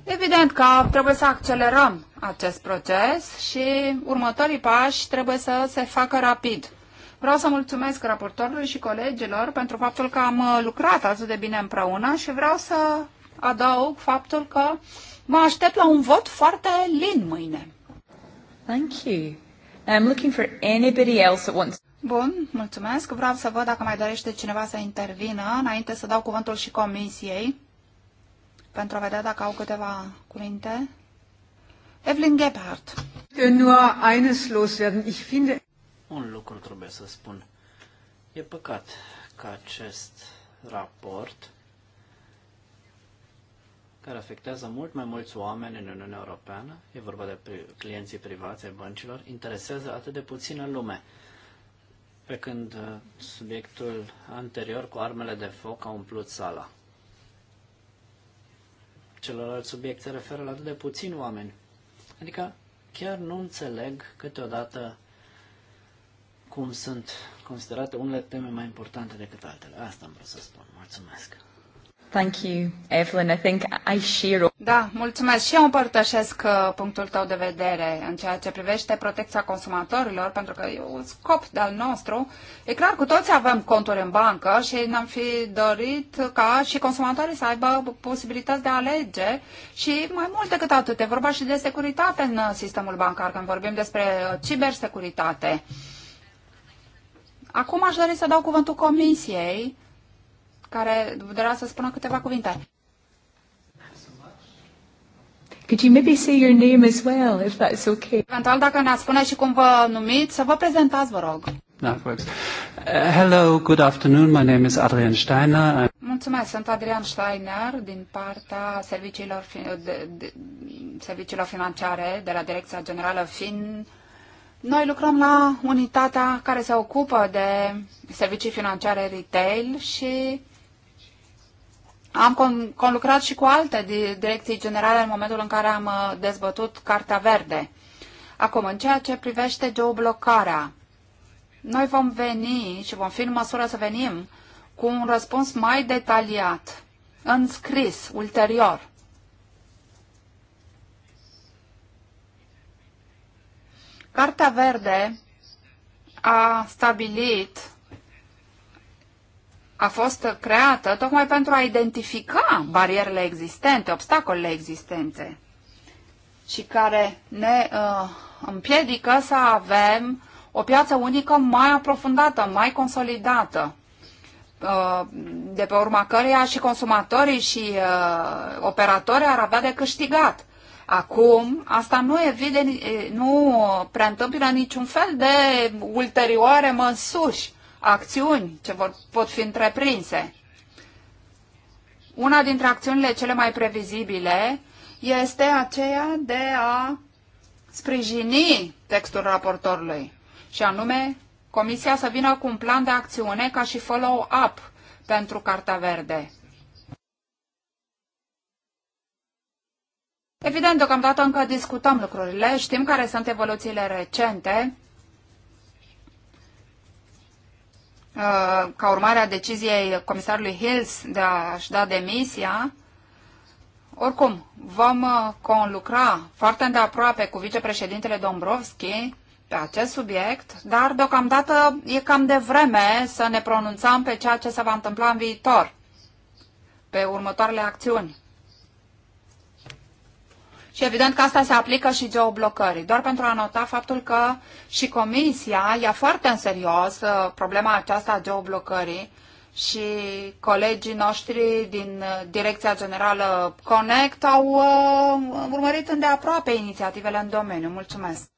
Evident că trebuie să accelerăm acest proces și următorii pași trebuie să se facă rapid. Vreau să mulțumesc raportorului și colegilor pentru faptul că am uh, lucrat atât de bine împreună și vreau să adaug faptul că mă aștept la un vot foarte lin mâine. Thank you. I'm looking for anybody else that wants... Bun, mulțumesc. Vreau să văd dacă mai dorește cineva să intervină înainte să dau cuvântul și comisiei pentru a vedea dacă au câteva cuvinte. Evelyn Gebhardt. Un lucru trebuie să spun. E păcat că acest raport care afectează mult mai mulți oameni în Uniunea Europeană, e vorba de pri- clienții privați ai băncilor, interesează atât de puțină lume. Pe când uh, subiectul anterior cu armele de foc a umplut sala celălalt subiect se referă la atât de puțini oameni. Adică chiar nu înțeleg câteodată cum sunt considerate unele teme mai importante decât altele. Asta am vrut să spun. Mulțumesc! Thank you, Evelyn. I think I share... Da, mulțumesc și eu împărtășesc uh, punctul tău de vedere în ceea ce privește protecția consumatorilor, pentru că e un scop de-al nostru. E clar, cu toți avem conturi în bancă și ne-am fi dorit ca și consumatorii să aibă posibilități de a alege și mai mult decât atât, e vorba și de securitate în sistemul bancar, când vorbim despre uh, cibersecuritate. Acum aș dori să dau cuvântul Comisiei care vrea să spună câteva cuvinte. Could you maybe say your name as well, if that's okay? Eventual, dacă ne spune și cum vă numiți, să vă prezentați, vă rog. That da, works. Uh, hello, good afternoon. My name is Adrian Steiner. I'm... Mulțumesc, sunt Adrian Steiner din partea serviciilor, fi... de, de, serviciilor financiare de la Direcția Generală FIN. Noi lucrăm la unitatea care se ocupă de servicii financiare retail și am con- conlucrat și cu alte direcții generale în momentul în care am uh, dezbătut Cartea Verde. Acum, în ceea ce privește geoblocarea, noi vom veni și vom fi în măsură să venim cu un răspuns mai detaliat, în scris, ulterior. Cartea Verde a stabilit a fost creată tocmai pentru a identifica barierele existente, obstacolele existente și care ne uh, împiedică să avem o piață unică mai aprofundată, mai consolidată, uh, de pe urma căreia și consumatorii și uh, operatorii ar avea de câștigat. Acum, asta nu evident, nu preîntâmpină niciun fel de ulterioare măsuri acțiuni ce vor, pot fi întreprinse. Una dintre acțiunile cele mai previzibile este aceea de a sprijini textul raportorului, și anume Comisia să vină cu un plan de acțiune ca și follow-up pentru Carta Verde. Evident, deocamdată încă discutăm lucrurile, știm care sunt evoluțiile recente Uh, ca urmare a deciziei comisarului Hills de a-și da demisia, oricum, vom uh, conlucra foarte îndeaproape cu vicepreședintele Dombrovski pe acest subiect, dar deocamdată e cam de vreme să ne pronunțăm pe ceea ce se va întâmpla în viitor, pe următoarele acțiuni. Și evident că asta se aplică și geoblocării, doar pentru a nota faptul că și Comisia ia foarte în serios uh, problema aceasta a geoblocării și colegii noștri din uh, Direcția Generală Connect au uh, urmărit îndeaproape inițiativele în domeniu. Mulțumesc!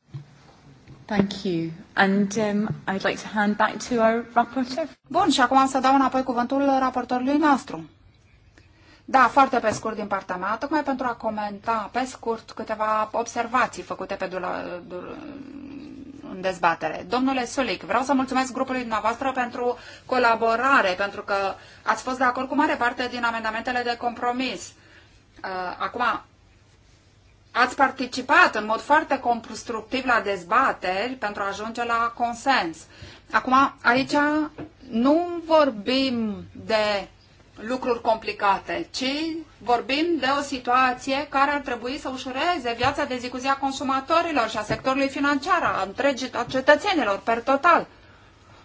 Thank you. And um, I'd like to hand back to our rapporteur. Bun, și acum să dau înapoi cuvântul raportorului nostru. Da, foarte pe scurt din partea mea, tocmai pentru a comenta pe scurt câteva observații făcute pe dula, dula, în dezbatere. Domnule Sulic, vreau să mulțumesc grupului dumneavoastră pentru colaborare, pentru că ați fost de acord cu mare parte din amendamentele de compromis. Uh, acum, ați participat în mod foarte constructiv la dezbateri pentru a ajunge la consens. Acum, aici nu vorbim de lucruri complicate, ci vorbim de o situație care ar trebui să ușureze viața de zi cu zi a consumatorilor și a sectorului financiar, a întregii a cetățenilor per total.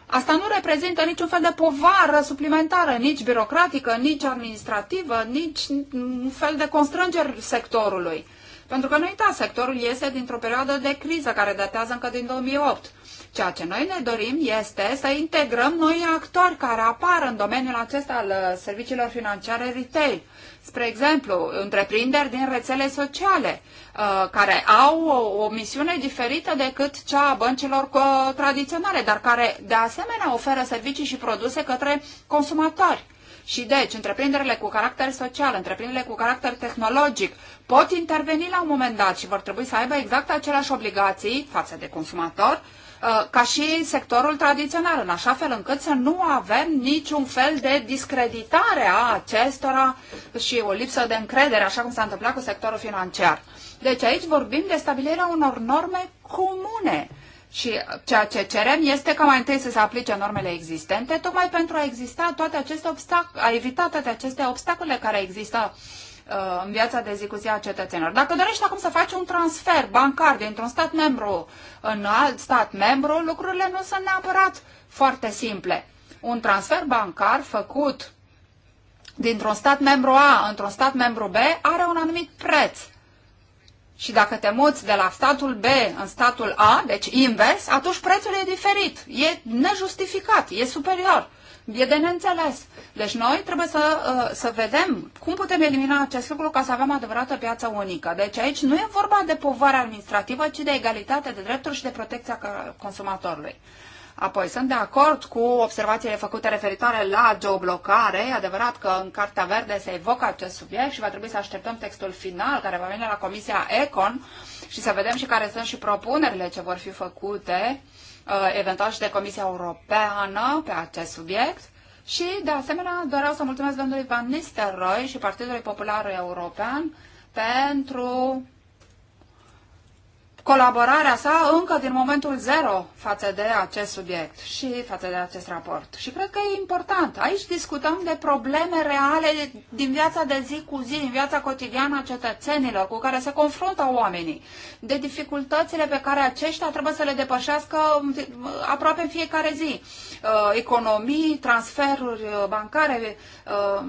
Asta nu reprezintă niciun fel de povară suplimentară, nici birocratică, nici administrativă, nici un fel de constrângeri sectorului. Pentru că nu uita, sectorul iese dintr-o perioadă de criză care datează încă din 2008. Ceea ce noi ne dorim este să integrăm noi actori care apar în domeniul acesta al uh, serviciilor financiare retail. Spre exemplu, întreprinderi din rețele sociale, uh, care au o, o misiune diferită decât cea a băncilor tradiționale, dar care de asemenea oferă servicii și produse către consumatori. Și deci, întreprinderile cu caracter social, întreprinderile cu caracter tehnologic pot interveni la un moment dat și vor trebui să aibă exact aceleași obligații față de consumator Uh, ca și sectorul tradițional, în așa fel încât să nu avem niciun fel de discreditare a acestora și o lipsă de încredere, așa cum s-a întâmplat cu sectorul financiar. Deci aici vorbim de stabilirea unor norme comune. Și ceea ce cerem este ca mai întâi să se aplice normele existente, tocmai pentru a exista toate aceste obstac, a evita toate aceste obstacole care există uh, Uh, în viața de zi cu zi a cetățenilor. Dacă dorești acum să faci un transfer bancar dintr-un stat membru în alt stat membru, lucrurile nu sunt neapărat foarte simple. Un transfer bancar făcut dintr-un stat membru A într-un stat membru B are un anumit preț. Și dacă te muți de la statul B în statul A, deci invers, atunci prețul e diferit, e nejustificat, e superior. E de neînțeles. Deci noi trebuie să, uh, să vedem cum putem elimina acest lucru ca să avem adevărată piață unică. Deci aici nu e vorba de povară administrativă, ci de egalitate de drepturi și de protecția consumatorului. Apoi, sunt de acord cu observațiile făcute referitoare la geoblocare. E adevărat că în Cartea Verde se evocă acest subiect și va trebui să așteptăm textul final care va veni la Comisia Econ și să vedem și care sunt și propunerile ce vor fi făcute uh, Uh, eventual și de Comisia Europeană pe acest subiect. Și, de asemenea, doreau să mulțumesc domnului Van Nistelrooy și Partidului Popular European pentru colaborarea sa încă din momentul zero față de acest subiect și față de acest raport. Și cred că e important. Aici discutăm de probleme reale din viața de zi cu zi, din viața cotidiană a cetățenilor cu care se confruntă oamenii, de dificultățile pe care aceștia trebuie să le depășească um, aproape în fiecare zi. Uh, economii, transferuri uh, bancare, uh,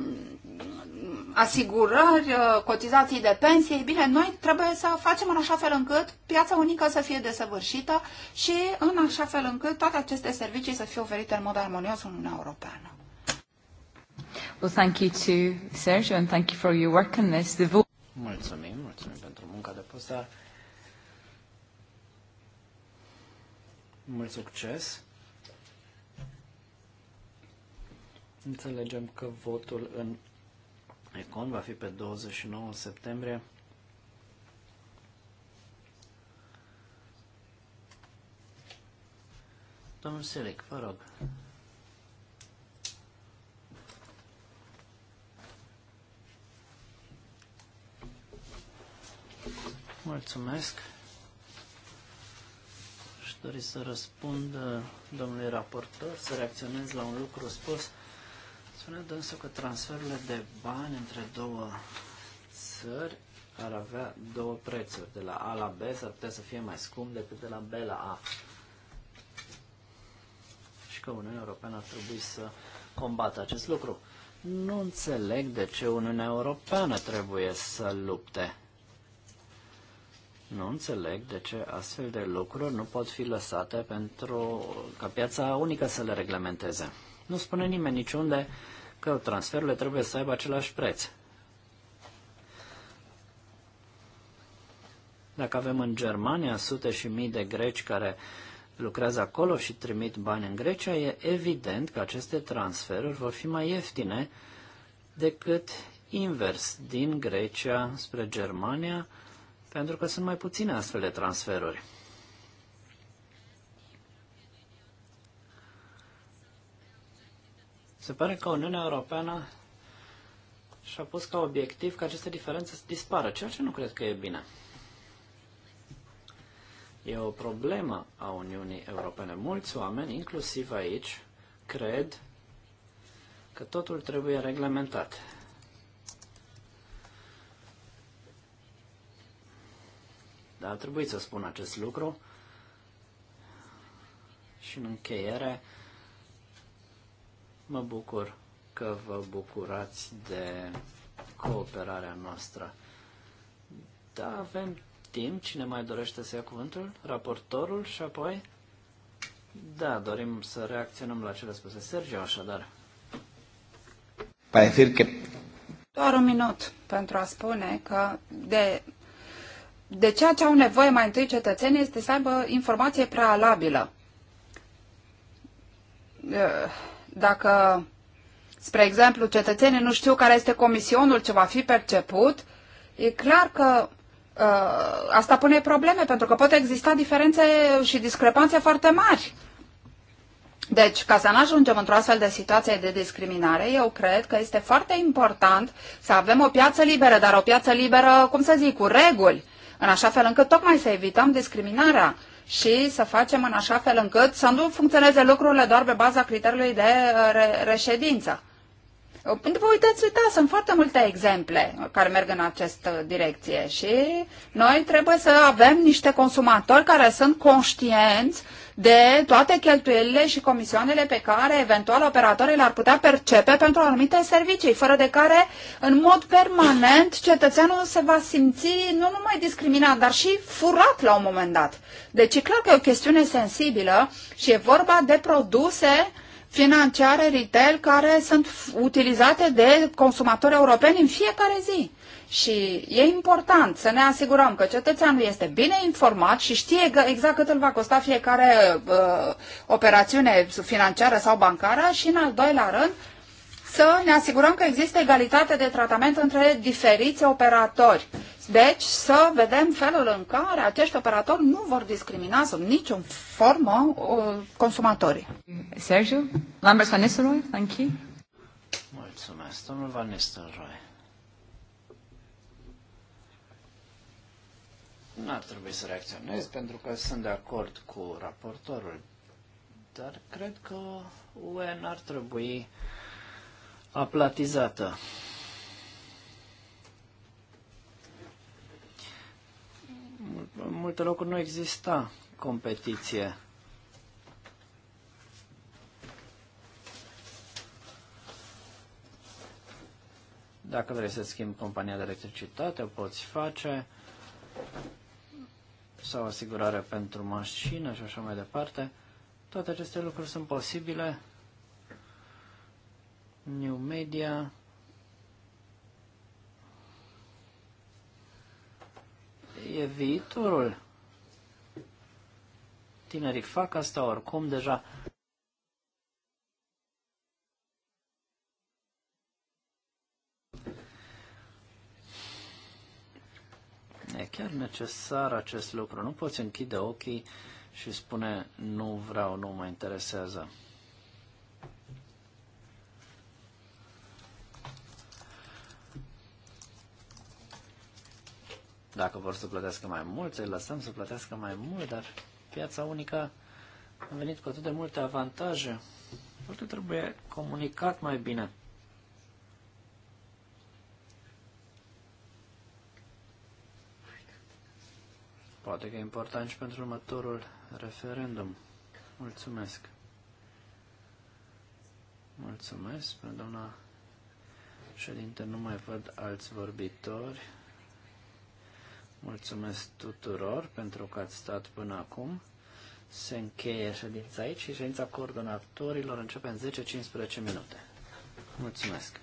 asigurări, uh, cotizații de pensie, e bine, noi trebuie să facem în așa fel încât piața unică să fie desăvârșită și în așa fel încât toate aceste servicii să fie oferite în mod armonios în Uniunea Europeană. Well, thank you to Sergio and thank you for your work on this. The vote... Mulțumim, mulțumim pentru munca depusă. Mult succes! Înțelegem că votul în Econ va fi pe 29 septembrie. Domnul Selec, vă rog. Mulțumesc. Și dori să răspund uh, domnului raportor, să reacționez la un lucru spus spune dânsul că transferurile de bani între două țări ar avea două prețuri. De la A la B s-ar putea să fie mai scump decât de la B la A. Și că Uniunea Europeană ar trebui să combată acest lucru. Nu înțeleg de ce Uniunea Europeană trebuie să lupte. Nu înțeleg de ce astfel de lucruri nu pot fi lăsate pentru ca piața unică să le reglementeze. Nu spune nimeni niciunde că transferurile trebuie să aibă același preț. Dacă avem în Germania sute și mii de greci care lucrează acolo și trimit bani în Grecia, e evident că aceste transferuri vor fi mai ieftine decât invers, din Grecia spre Germania, pentru că sunt mai puține astfel de transferuri. Se pare că Uniunea Europeană și-a pus ca obiectiv că aceste diferențe să dispară, ceea ce nu cred că e bine. E o problemă a Uniunii Europene. Mulți oameni, inclusiv aici, cred că totul trebuie reglementat. Dar a trebuit să spun acest lucru. Și în încheiere, Mă bucur că vă bucurați de cooperarea noastră. Da, avem timp. Cine mai dorește să ia cuvântul? Raportorul și apoi? Da, dorim să reacționăm la cele spuse Sergio, așadar. Doar un minut pentru a spune că de, de ceea ce au nevoie mai întâi cetățenii este să aibă informație prealabilă. Uh dacă, spre exemplu, cetățenii nu știu care este comisionul ce va fi perceput, e clar că uh, asta pune probleme, pentru că pot exista diferențe și discrepanțe foarte mari. Deci, ca să nu ajungem într-o astfel de situație de discriminare, eu cred că este foarte important să avem o piață liberă, dar o piață liberă, cum să zic, cu reguli, în așa fel încât tocmai să evităm discriminarea și să facem în așa fel încât să nu funcționeze lucrurile doar pe baza criteriului de uh, re- reședință. Vă uh, uitați, uita, sunt foarte multe exemple care merg în această direcție și noi trebuie să avem niște consumatori care sunt conștienți de toate cheltuielile și comisioanele pe care eventual operatorii le-ar putea percepe pentru anumite servicii, fără de care, în mod permanent, cetățeanul se va simți nu numai discriminat, dar și furat la un moment dat. Deci e clar că e o chestiune sensibilă și e vorba de produse financiare retail care sunt utilizate de consumatori europeni în fiecare zi. Și e important să ne asigurăm că cetățeanul este bine informat și știe exact cât îl va costa fiecare uh, operațiune financiară sau bancară și, în al doilea rând, să ne asigurăm că există egalitate de tratament între diferiți operatori. Deci să vedem felul în care acești operatori nu vor discrimina sub nicio formă uh, consumatorii. Sergio? Lambert Van Nistelrooy, thank you. Mulțumesc, domnul Van Nistelrooy. Nu ar trebui să reacționez pentru că sunt de acord cu raportorul, dar cred că UE nu ar trebui aplatizată. În multe locuri nu exista competiție. Dacă vrei să schimbi compania de electricitate, o poți face sau asigurare pentru mașină și așa mai departe. Toate aceste lucruri sunt posibile. New Media e viitorul. Tinerii fac asta oricum deja. E chiar necesar acest lucru. Nu poți închide ochii și spune nu vreau, nu mă interesează. Dacă vor să plătească mai mult, îi lăsăm să plătească mai mult, dar piața unică a venit cu atât de multe avantaje. Totul trebuie comunicat mai bine. Poate că e important și pentru următorul referendum. Mulțumesc. Mulțumesc, doamna ședinte. Nu mai văd alți vorbitori. Mulțumesc tuturor pentru că ați stat până acum. Se încheie ședința aici și ședința coordonatorilor începe în 10-15 minute. Mulțumesc!